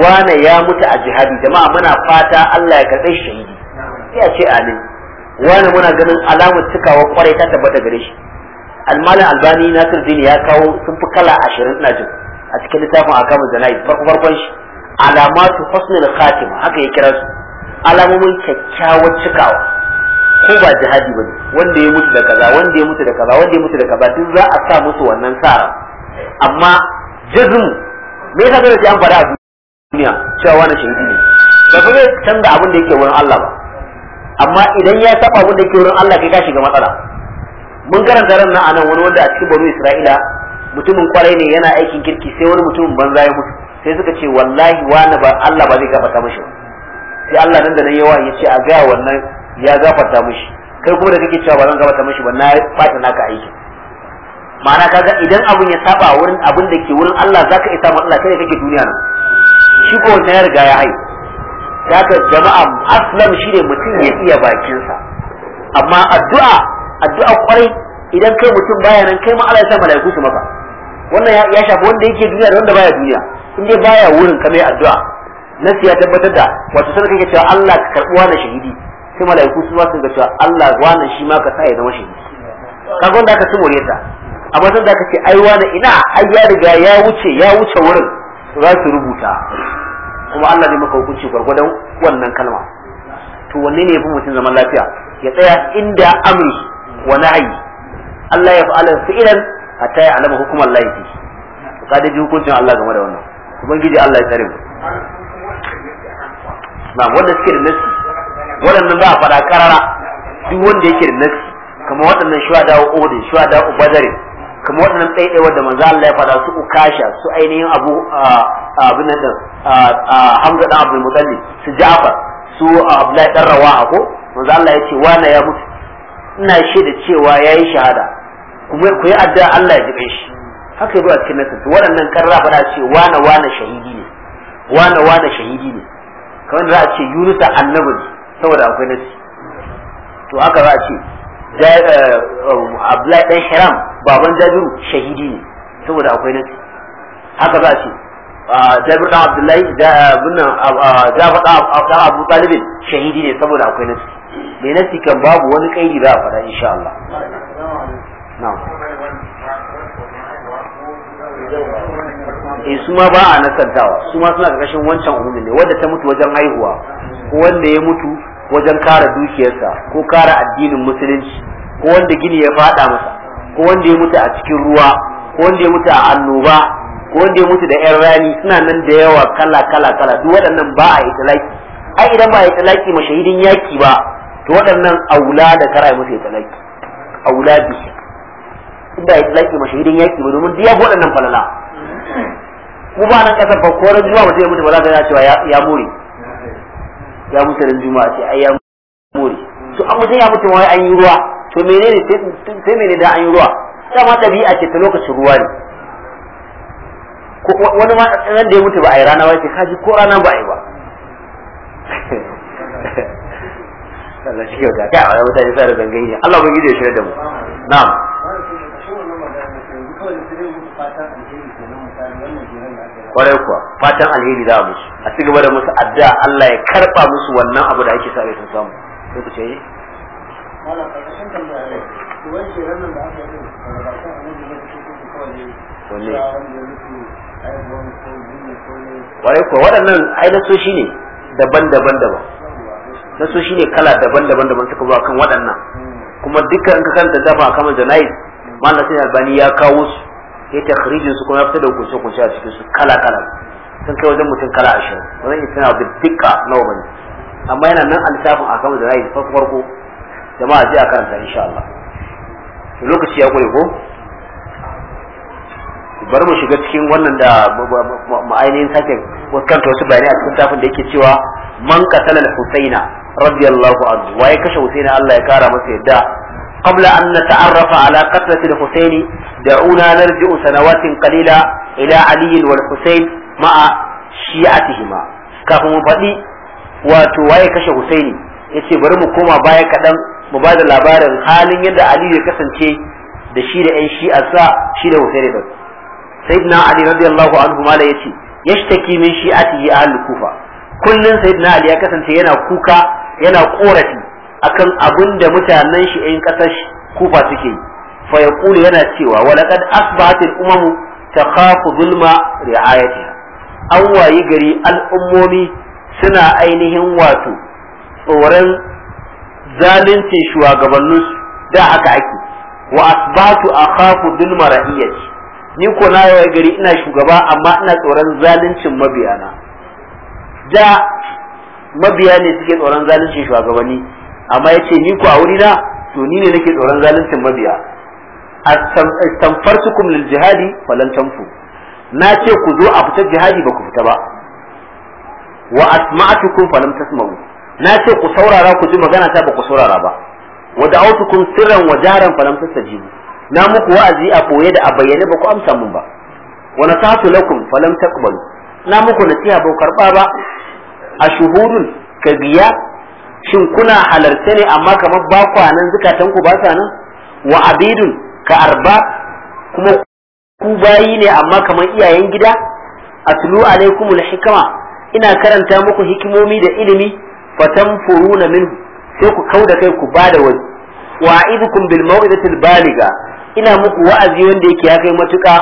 wane ya mutu a jihadi jama'a muna fata Allah ya karɓe shahidi sai a ce amin Wani muna ganin alamar cikawa kwarai ta tabbata gare shi almalin albani nasir dini ya kawo sun fi kala ashirin ina jin a cikin littafin a jana'i zanayi farkon shi alamatu husnul khatima haka ya kira su alamomin kyakkyawar cikawa ko ba jihadi bane wanda ya mutu da kaza wanda ya mutu da kaza wanda ya mutu da kaza duk za a sa musu wannan sara amma jazm me yasa zai an fara a duniya cewa wani shahidi ne ba fa zai canza abin da yake wurin Allah ba amma idan ya saba abin da yake wurin Allah kai ka shiga matsala mun karanta ran nan nan wani wanda a cikin Bani Isra'ila mutumin kwarai ne yana aikin kirki sai wani mutumin banza ya mutu sai suka ce wallahi wani ba Allah ba zai gafarta mishi ba sai Allah nan da nan yawa ya ce a ga wannan ya gafarta mishi kai kuma da kake cewa ba zan gafarta mishi ba na fata naka aiki ma'ana kaga idan abun ya saba wurin abin da ke wurin Allah zaka isa Allah kai kake duniya nan shi ko wanda ya riga ya hai haka jama'a aslam ne mutum ya iya bakinsa amma addu'a addu'a kwarai idan kai mutum baya nan kai ma Allah ya sa malaiku su maka wannan ya shafi wanda yake duniya da wanda baya duniya in dai baya wurin kamar addu'a nasi ya tabbatar da wato sai kake cewa Allah ka karbi wannan shahidi sai malaiku su ba sun ga cewa Allah wannan shi ma ka sa ya zama shahidi kaga wanda aka tumure ta amma sai da kace ai wannan ina ai ya riga ya wuce ya wuce wurin za su rubuta kuma Allah ne maka hukunci gwargwadon wannan kalma to wanne ne fi mutum zaman lafiya ya tsaya inda amri wa nahyi Allah ya fa'ala fi'lan hatta ya alama hukumar laifi to ka daji hukuncin Allah game da wannan ubangiji Allah ya tsare mu na wanda suke da nasi waɗannan za a faɗa karara duk wanda yake da nasi kamar waɗannan shuhada uhud shuhada badar kamar waɗannan ɗaiɗaiwa wanda manzo Allah ya faɗa su ukasha su ainihin abu abin nan din hamza dan abdul mutalli su ja'far su abdullahi dan rawaha ko manzo Allah ya ce wani ya mutu ina shaida cewa yayi shahada ku yi addu'a Allah ya jibe shi haka yabo a cikin nasu to waɗannan karra fara ce wana wana shahidi ne wana wana shahidi ne kamar da za a ce Yunusa annabi ne saboda akwai nasi to haka za a ce eh, Abdullahi dan Hiram baban Jabiru shahidi ne saboda akwai nasi haka za a ce Jabir dan Abdullahi da Jafar dan Abu Talib shahidi ne saboda akwai nasi mai nasi kan babu wani kaidi za a faɗa insha Allah na'am eh, su ma ba a nasantawa su ma suna karkashin wancan umumin ne wanda ta mutu wajen haihuwa ko wanda ya mutu wajen kara dukiyarsa ko kara addinin musulunci ko wanda gini ya fada masa ko wanda ya mutu a cikin ruwa ko wanda ya mutu a annoba ko wanda ya mutu da yan rani suna nan da yawa kala kala kala duk waɗannan ba a italaki ai idan ba a italaki mashahidin yaki ba to waɗannan aula da kara musu a aula bihi inda ya yaki ma shahidin yaki ba domin duk ya fi waɗannan falala mu ba nan ƙasar ba ran juma'a mutum ya mutu ba za ka yana cewa ya more ya mutu ran juma'a ce ai ya more to an mutum ya mutu wai an yi ruwa to menene sai menene da an yi ruwa dama ɗabi'a ce ta lokacin ruwa ne wani ma nan da ya mutu ba a yi rana ba ce kaji ko rana ba a yi ba [laughs] Allah shi kyauta ta a wani mutane sa da gangan Allah bai gida ya shirar da mu na'am kwarai kuwa fatan alheri za a musu a ci gaba da musu adda Allah ya karba musu wannan abu da ake sa rai sun samu sai ku ce eh. yi kwarai kuwa waɗannan ai nasoshi ne daban-daban daban nasoshi ne kala daban-daban daban suka zo kan waɗannan hmm. kuma dukkan ka kanta dama kamar janayi malam sai albani ya kawo su ya takhrijin su kuma ya fita da hukunce hukunce a cikin su kala kala sun kai wajen mutum kala ashirin wannan ita na da dukka nawa bane amma yana nan alisafin a kan fa farko jama'a ji a karanta insha Allah lokaci ya kure ko bari mu shiga cikin wannan da ma'ainihin sake kanta wasu bayanai a cikin tafin da yake cewa man qatala al-husaina radiyallahu anhu waye kashe husaina Allah ya kara masa yadda قبل أن نتعرف على قتلة الحسين دعونا نرجع سنوات قليلة إلى علي والحسين مع شيعتهما كهم فدي وتواي كش حسين yace bari mu koma baya kaɗan mu ba da labarin halin yadda Aliyu ya kasance da shi da 'yan shi'arsa shi da Hussein ɗin. Sayyidina Ali radiyallahu anhu mala yace yashtaki min shi'atihi ahlul Kufa. Kullun Sayyidina Ali ya kasance yana kuka yana korafi akan abin da mutanen shi ƴan ƙasar kufa suke yi fa yaqulu yana cewa wa laqad asbahatil umamu takhafu zulma ri'ayatiha an wayi gari al'ummomi suna ainihin wato tsoron zalunci shugabanninsu da haka ake wa asbatu akhafu zulma ra'iyati ni ko na wayi gari ina shugaba amma ina tsoron zaluncin mabiyana da mabiya ne suke tsoron zaluncin shugabanni amma yace ni ku a wuri na to ni ne nake tsoron zaluncin mabiya astanfartukum lil jihadi falan tanfu na ce ku zo a fita jihadi ba ku fita ba wa asma'atukum falam tasma'u na ce ku saurara ku ji magana ta ba ku saurara ba wa da'awtukum sirran wa jaran falam tastajibu na muku wa'azi a koye da a bayyane ba ku amsa mun ba wa nasatu lakum falam taqbalu na muku nasiha ba ku karba ba ashuhurun kabiya shin kuna halarta ne amma kamar ba ku nan zukatan ku ba nan wa abidun ka arba kuma ku bayi ne amma kamar iyayen gida atlu alaikumul hikama ina karanta muku hikimomi da ilimi fatanfuruna minhu sai ku kauda kai ku bada wani wa idukum bil mau'izatil baliga ina muku wa'azi wanda yake ya kai matuka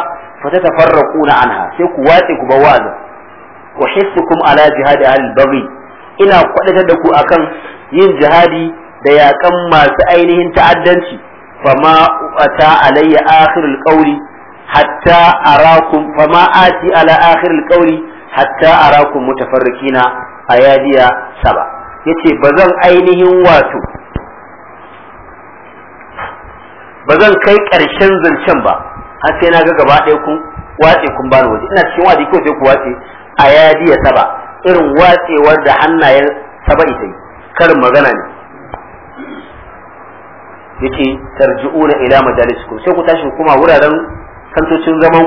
tafarraquna anha sai ku watse ku ba wa'azi wa hissukum ala jihadi al baghi ina kwadatar da ku akan yin jihadi da yakan masu ainihin ta'addanci fama ata alayya akhirul qawli hatta arakum fama ati ala akhirul qawli hatta arakum mutafarrikina ayadiya saba yace bazan ainihin wato bazan kai karshen zancen ba har sai na ga gaba ɗaya kun wace kun bani waje ina cikin waje ko sai ku wace ayadiya saba irin watsewar da hannayen saba'i ta yi karin magana ne tarji'u tarji'una ila majalisku, sai ku tashi kuma wuraren kantocin zaman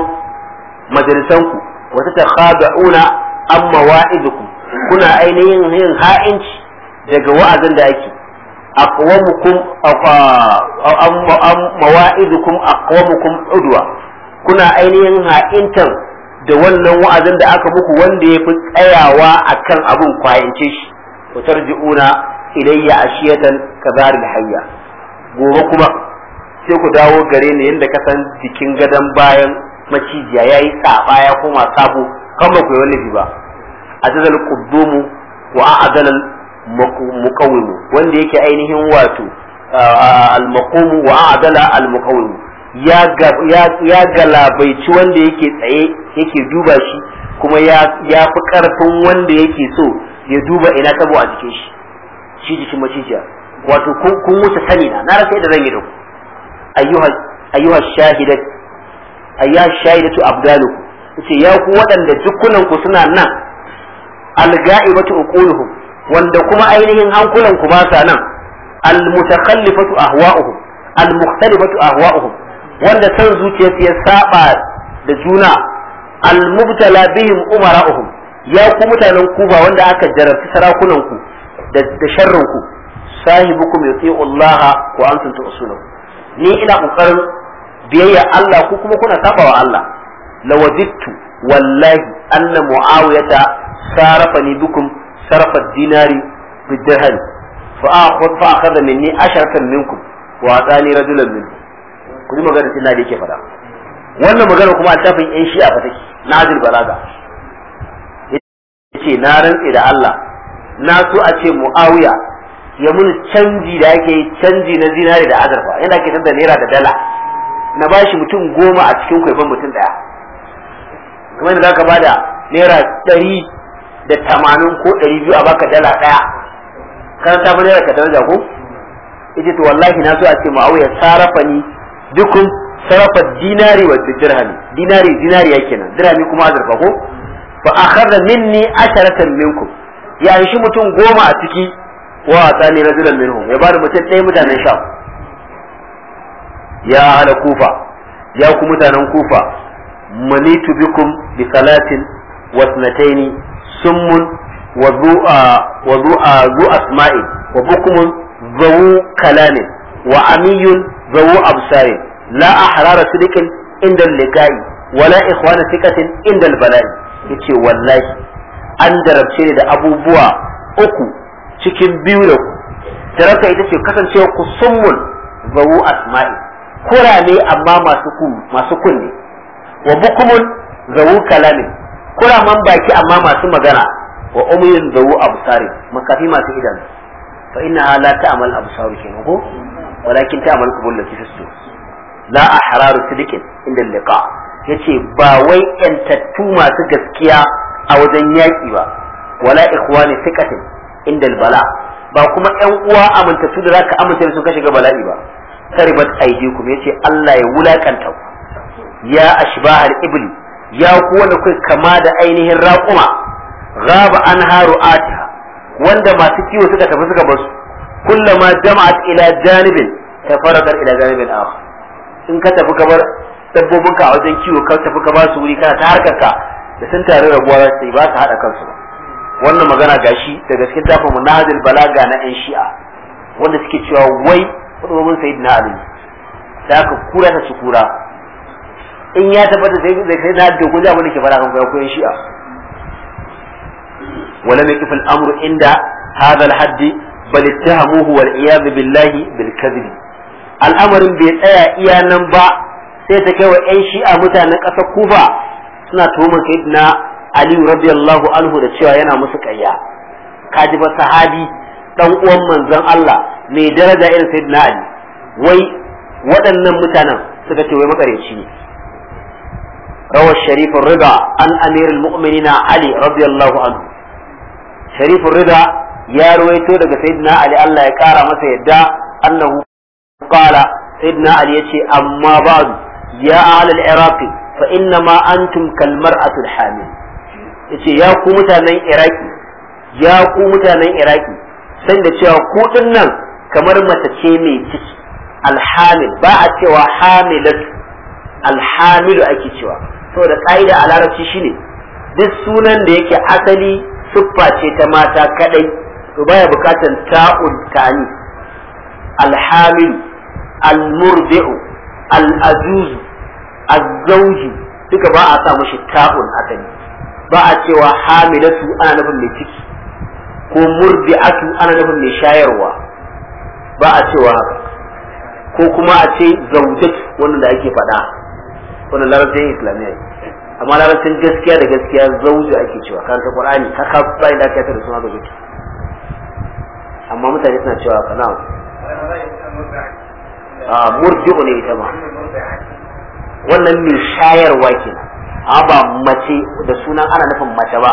majalisanku wa khada'una amma wa'idukum kuna ainihin yin ha'inci daga wa'azin da ake aqwamukum amma wa'idukum aqwamukum udwa kuna ainihin ha'intan da wannan wa'azin da aka muku wanda ya fi tsayawa a kan abun kwayance shi ku tarji'una ilayya ashiyatan kadhar hayya gobe kuma sai ku dawo gare ni yanda ka san jikin gadon bayan macijiya yayi tsafa ya koma sabo kan ba ku yi wani ba azal quddumu wa a'dal muqawimu wanda yake ainihin wato al maqumu wa a'dala al-muqawwim ya galabaici wanda yake tsaye yake duba shi kuma ya fi karfin wanda yake so ya duba ina tabo a jikin shi shi jikin macijiya wato kun wuce sani na na rasa yadda zan yi da ku ayyuha shahidat ayyuha shahidatu abdalu yace ya ku waɗanda jikunan ku suna nan alga'ibatu uquluhum wanda kuma ainihin hankulan ku ba sa nan almutakhallifatu ahwa'uhum almukhtalifatu ahwa'uhum wanda san zuciyarsu ya saba da juna almubtala bihim umara'uhum ya ku mutanen kuba wanda aka jarabci sarakunan ku da sharrin ku sahibukum Allah wa antum tu'sunuhu ni ina kokarin biyayya Allah ku kuma kuna sabawa Allah lawajidtu wallahi anna muawiyata sarafani bikum sarafa dinari bidirham fa akhadha minni asharatan minkum wa atani rajulan minkum ku ji maganar sai da yake faɗa wannan magana kuma a tafin yan shi'a fa take nazil balaga yace na rantse da Allah na so a ce muawiya ya mun canji da yake canji na zinari da azurfa yana ke da naira da dala na bashi mutum goma a cikin kwaifan mutum daya kamar yadda zaka bada naira ɗari da tamanin ko ɗari biyu a baka dala ɗaya karanta fa naira ka daraja ko yace to wallahi na so a ce muawiya Sarafa ni dukun sarafa dinari wa dirhami dinari dinari ya nan dirhami kuma azurfa ko fa akhadha minni asharatan minkum ya shi mutum goma a ciki wa tsani rajulan minhum ya bada mutum ɗaya mutanen sha ya ala kufa ya ku mutanen kufa manitu bikum bi salatin wa sunataini summun wa du'a wa du'a zu asma'i wa bukumun zawu kalamin wa amiyun zawu absarin la ahrara sidikin inda liqa'i wala ikhwana sikatin inda bala'i yace wallahi an darabce da abubuwa uku cikin biyu da ku darabta ita ce kasancewa ku summun zawu asma'i kurame amma masu ku masu kunne wa bukumun zawu kalami kuraman baki amma masu magana wa umyun zawu absarin makafi masu idanu fa inna la ta'mal absaru kenan ko walakin ta amal kubul lati fistu la ahraru sidikin inda liqa yace ba wai yantattu masu gaskiya a wajen yaki ba wala ikhwani inda bala ba kuma yan uwa amintattu da zaka amince su ka shiga bala'i ba taribat aidikum yace Allah ya wulakanta ku ya ashbahal ibli ya ku wanda kai kama da ainihin raquma ghaba anharu ata wanda masu kiwo suka tafi suka basu kullama jama'at ila janibin tafaradar ila janibin akhar in ka tafi ka dabbobin ka a wajen kiwo ka tafi ka basu wuri kana ta harkar ka da sun tare rabuwa za su yi ba su haɗa kansu ba wannan magana gashi daga cikin tafin mu nahadul balaga na yan shi'a wanda suke cewa wai dabbobin na ali da aka kura ta su kura in ya tabbata sai zai kai na dogo da abin da ke fara kan ko 'yan shi'a wala mai kifin amru inda hadal haddi bal ittahamuhu wal iyad billahi bil kadhib al'amarin bai tsaya iya nan ba sai ta kai wa ƴan shi'a mutanen ƙasar Kufa suna tuhumar Aliyu Ali radiyallahu anhu da cewa yana musu ƙarya kaji ba sahabi dan uwan manzon Allah mai daraja irin sayyidina Ali wai waɗannan mutanen suka ce wai makareci ne روى الشريف الرضا عن أمير المؤمنين علي رضي الله عنه شريف الرضا ya ruwaito daga sayyidina ali Allah ya kara masa yadda annahu qala sayyidina ali yace amma ba'd ya al iraq fa inna ma antum kal al hamil yace ya ku mutanen iraki ya ku mutanen iraki san da cewa ku nan kamar mace ce mai ciki alhamil ba a cewa hamilatu alhamilu ake cewa saboda ka'ida a larabci shine duk sunan da yake asali siffa ce ta mata kadai to baya bukatan ta'ul tani alhamil almurdi'u al'azuz azzauji duka ba a sa mushi ta'ul asali ba a cewa hamilatu ana nufin mai ciki ko murdi'atu ana nufin mai shayarwa ba a cewa haka ko kuma a ce zaujat wannan da ake faɗa wannan larabcin islamiyya amma larabcin gaskiya da gaskiya zauju ake cewa kan ta qur'ani ka ka bai da ta da suna da gaskiya amma mutane suna cewa kalam a ah, murji'u ne ita ma wannan mai shayarwa ke a ba mace da sunan ana nufin mace ba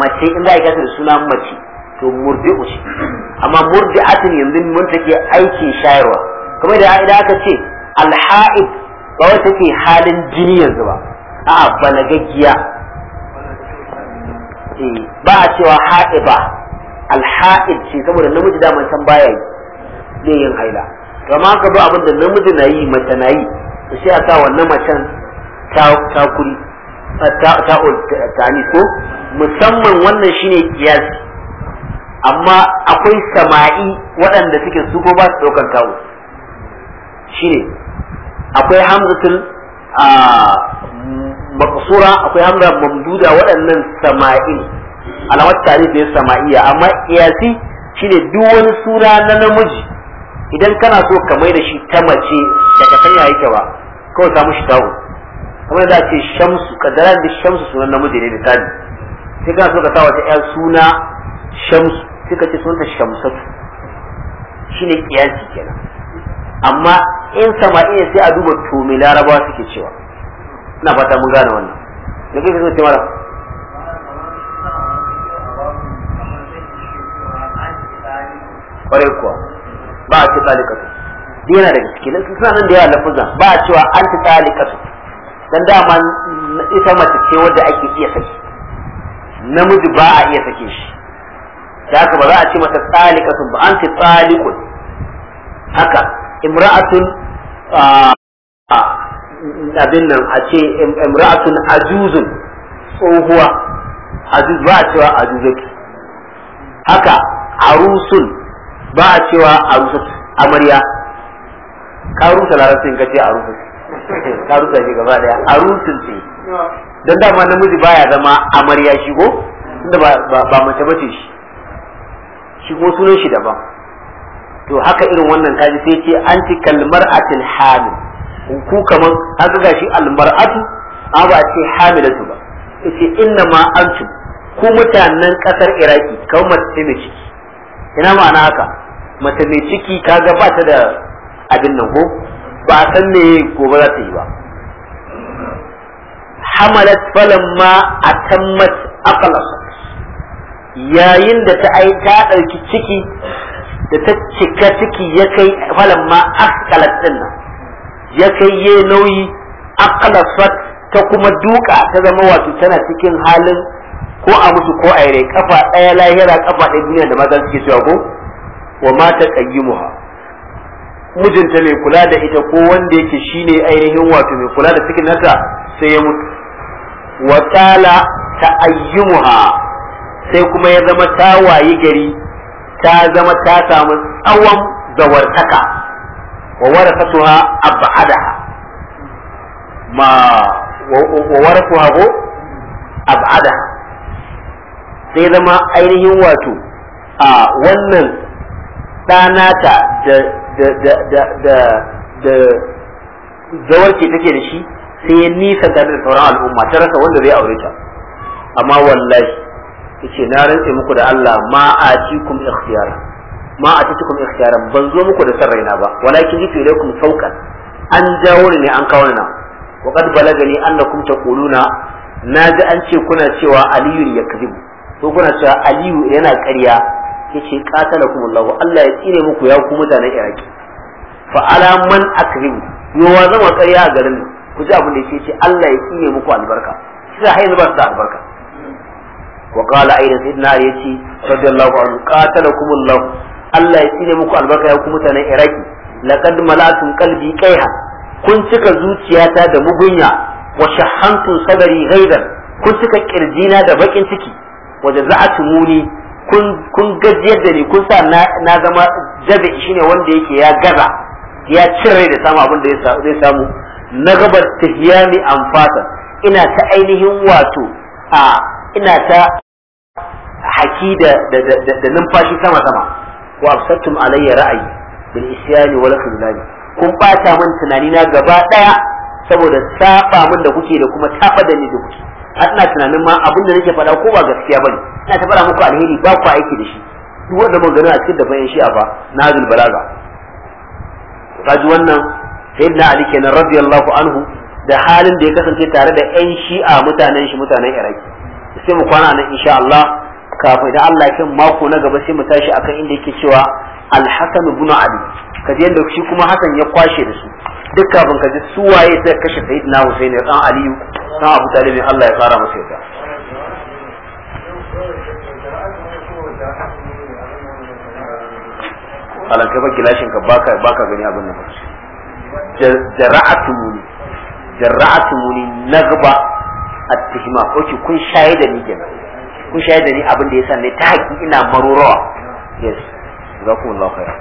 mace in za a da sunan mace to murji'u ce amma murji'atin yanzu mun take aikin shayarwa kuma da idan aka ce alha'id ba wata ke halin jini yanzu ba a'a balagaggiya ba a cewa ba, alha'id ce saboda namiji da man san baya yi yin haila to amma ka bi abin namiji na yi mace na yi to sai a sa wannan macen ta kuri ta tani ko musamman wannan shine kiyas amma akwai sama'i waɗanda suke su ko ba su ɗaukar kawo shine akwai hamzatul ah, maqsura akwai hamza mamduda waɗannan sama'in, alamar tarihi da sama'iya amma iyasi shine duk wani suna na namiji idan kana so ka mai da shi ta mace da ka sanya yake ba kawai samu shi tawo kamar da ce shamsu kadara da shamsu sunan namiji ne misali sai kana so ka sa ta yan suna shamsu sai ka ce sunanta shamsatu shine kiyasi kenan amma in sama'iya sai a duba to me larabawa suke cewa ina fata mun gane wannan da kake so ce mara kwarai kuwa ba a ce tsalikatu duk yana daga ciki nan suna nan da yawa lafuzan ba a cewa an tsali kasu. dan dama ita mace ce wadda ake iya saki namiji ba a iya sake shi da haka ba za a ce mata kasu ba an tsali kun. haka imra'atun ah, abin nan a ce imra'atun ajuzun tsohuwa ajuz ba a cewa ajuzaki haka arusun ba a cewa arusat amarya ka rusa larabcin ka ce arusat [laughs] ka rusa shi gaba daya arusun ce don dama namiji baya zama amarya shi ko inda ba mace bace shi shi ko sunan shi daban to haka irin wannan kaji sai ce anti kalmar atil hamil ku kaman haka gashi almar'atu a ba ce hamilatu ba yace inna ma antu ku mutanen kasar iraki kawai mace mai ciki ina ma'ana haka mace mai ciki kaga ba ta da abin nan ko ba a san me gobe za ta yi ba hamalat falamma atammat aqlas yayin da ta ai ta dauki ciki da ta cika ciki ya kai falamma aqlas din nan ya kai ye nauyi fat ta kuma duka ta zama wato tana cikin halin ko a mutu ko a yare kafa daya lahira kafa daya duniya da maza suke cewa ko wa mata qayyimuha mijinta mai kula da ita ko wanda yake shine ainihin wato mai kula da cikin nata sai ya mutu wa tala ta'ayyumuha sai kuma ya zama ta wayi gari ta zama ta samu tsawon zawartaka wa warasatuha ab'adaha ma wa sai zama ainihin wato a wannan ɗanata da da da da da da zawarci take da shi sai ya nisa da sauran al'umma ta rasa wanda zai aure ta amma wallahi yace na rantse muku da Allah ma atikum ikhtiyara ma a cikin ikhtiyaran ban zo muku da san raina ba walakin jitu ilaikum sauqan an jawo ne an kawo ni na wa qad balagani annakum taquluna ji an ce kuna cewa aliyu ya kadibu to kuna cewa aliyu yana ƙarya yace qatalakumullahu Allah ya tsire muku ya ku mutanen iraki fa ala man akribu wa zama ƙarya a garin ku ji abin da yake ce Allah ya tsire muku albarka sai har yanzu ba su da albarka wa qala ayyuhu sayyidina yace radiyallahu anhu qatalakumullahu Allah ya tsine muku albarka ya ku mutanen Iraki laqad malatun qalbi qaiha kun cika zuciyata da mugunya wa shahantu sadari ghaidan kun cika kirjina da bakin ciki wa jaza'tumuni kun kun gajiyar da ni kun sa na zama jaza shine wanda yake ya gaza ya cire da samu abin da zai samu na gabar tahyami anfata ina ta ainihin wato a ina ta haki da numfashi sama sama wa absattum alayya ra'ayi bil isyani wal khizlan kun bata min tunani na gaba daya saboda saba min da kuke da kuma tafa da ni da kuke ina tunanin ma abin da nake faɗa ko ba gaskiya bane ina ta maku muku alheri ba ku aiki da shi duk wanda mun gani a cikin da bayan shi'a ba nazil balaga kaji wannan sayyidina ali kenan radiyallahu anhu da halin da ya kasance tare da yan shi'a mutanen shi mutanen iraki sai mu kwana nan insha Allah kafin idan Allah ya san mako na gaba sai mu tashi akan inda yake cewa Al-Hasan ibn Ali kaje yanda shi kuma Hassan ya kwashe da su duk kafin kaje su waye sai kashe Sayyidina Husaini dan Ali dan Abu Talib Allah ya fara masa yarda alan kai ba gilashin ka baka baka gani abin nan jara'atumuni jara'atumuni nagba at-tihma kun shaida da ni kenan ku shayar da ni abin da ya ne ta haƙi ina marurowa yes jazakumullahu khairan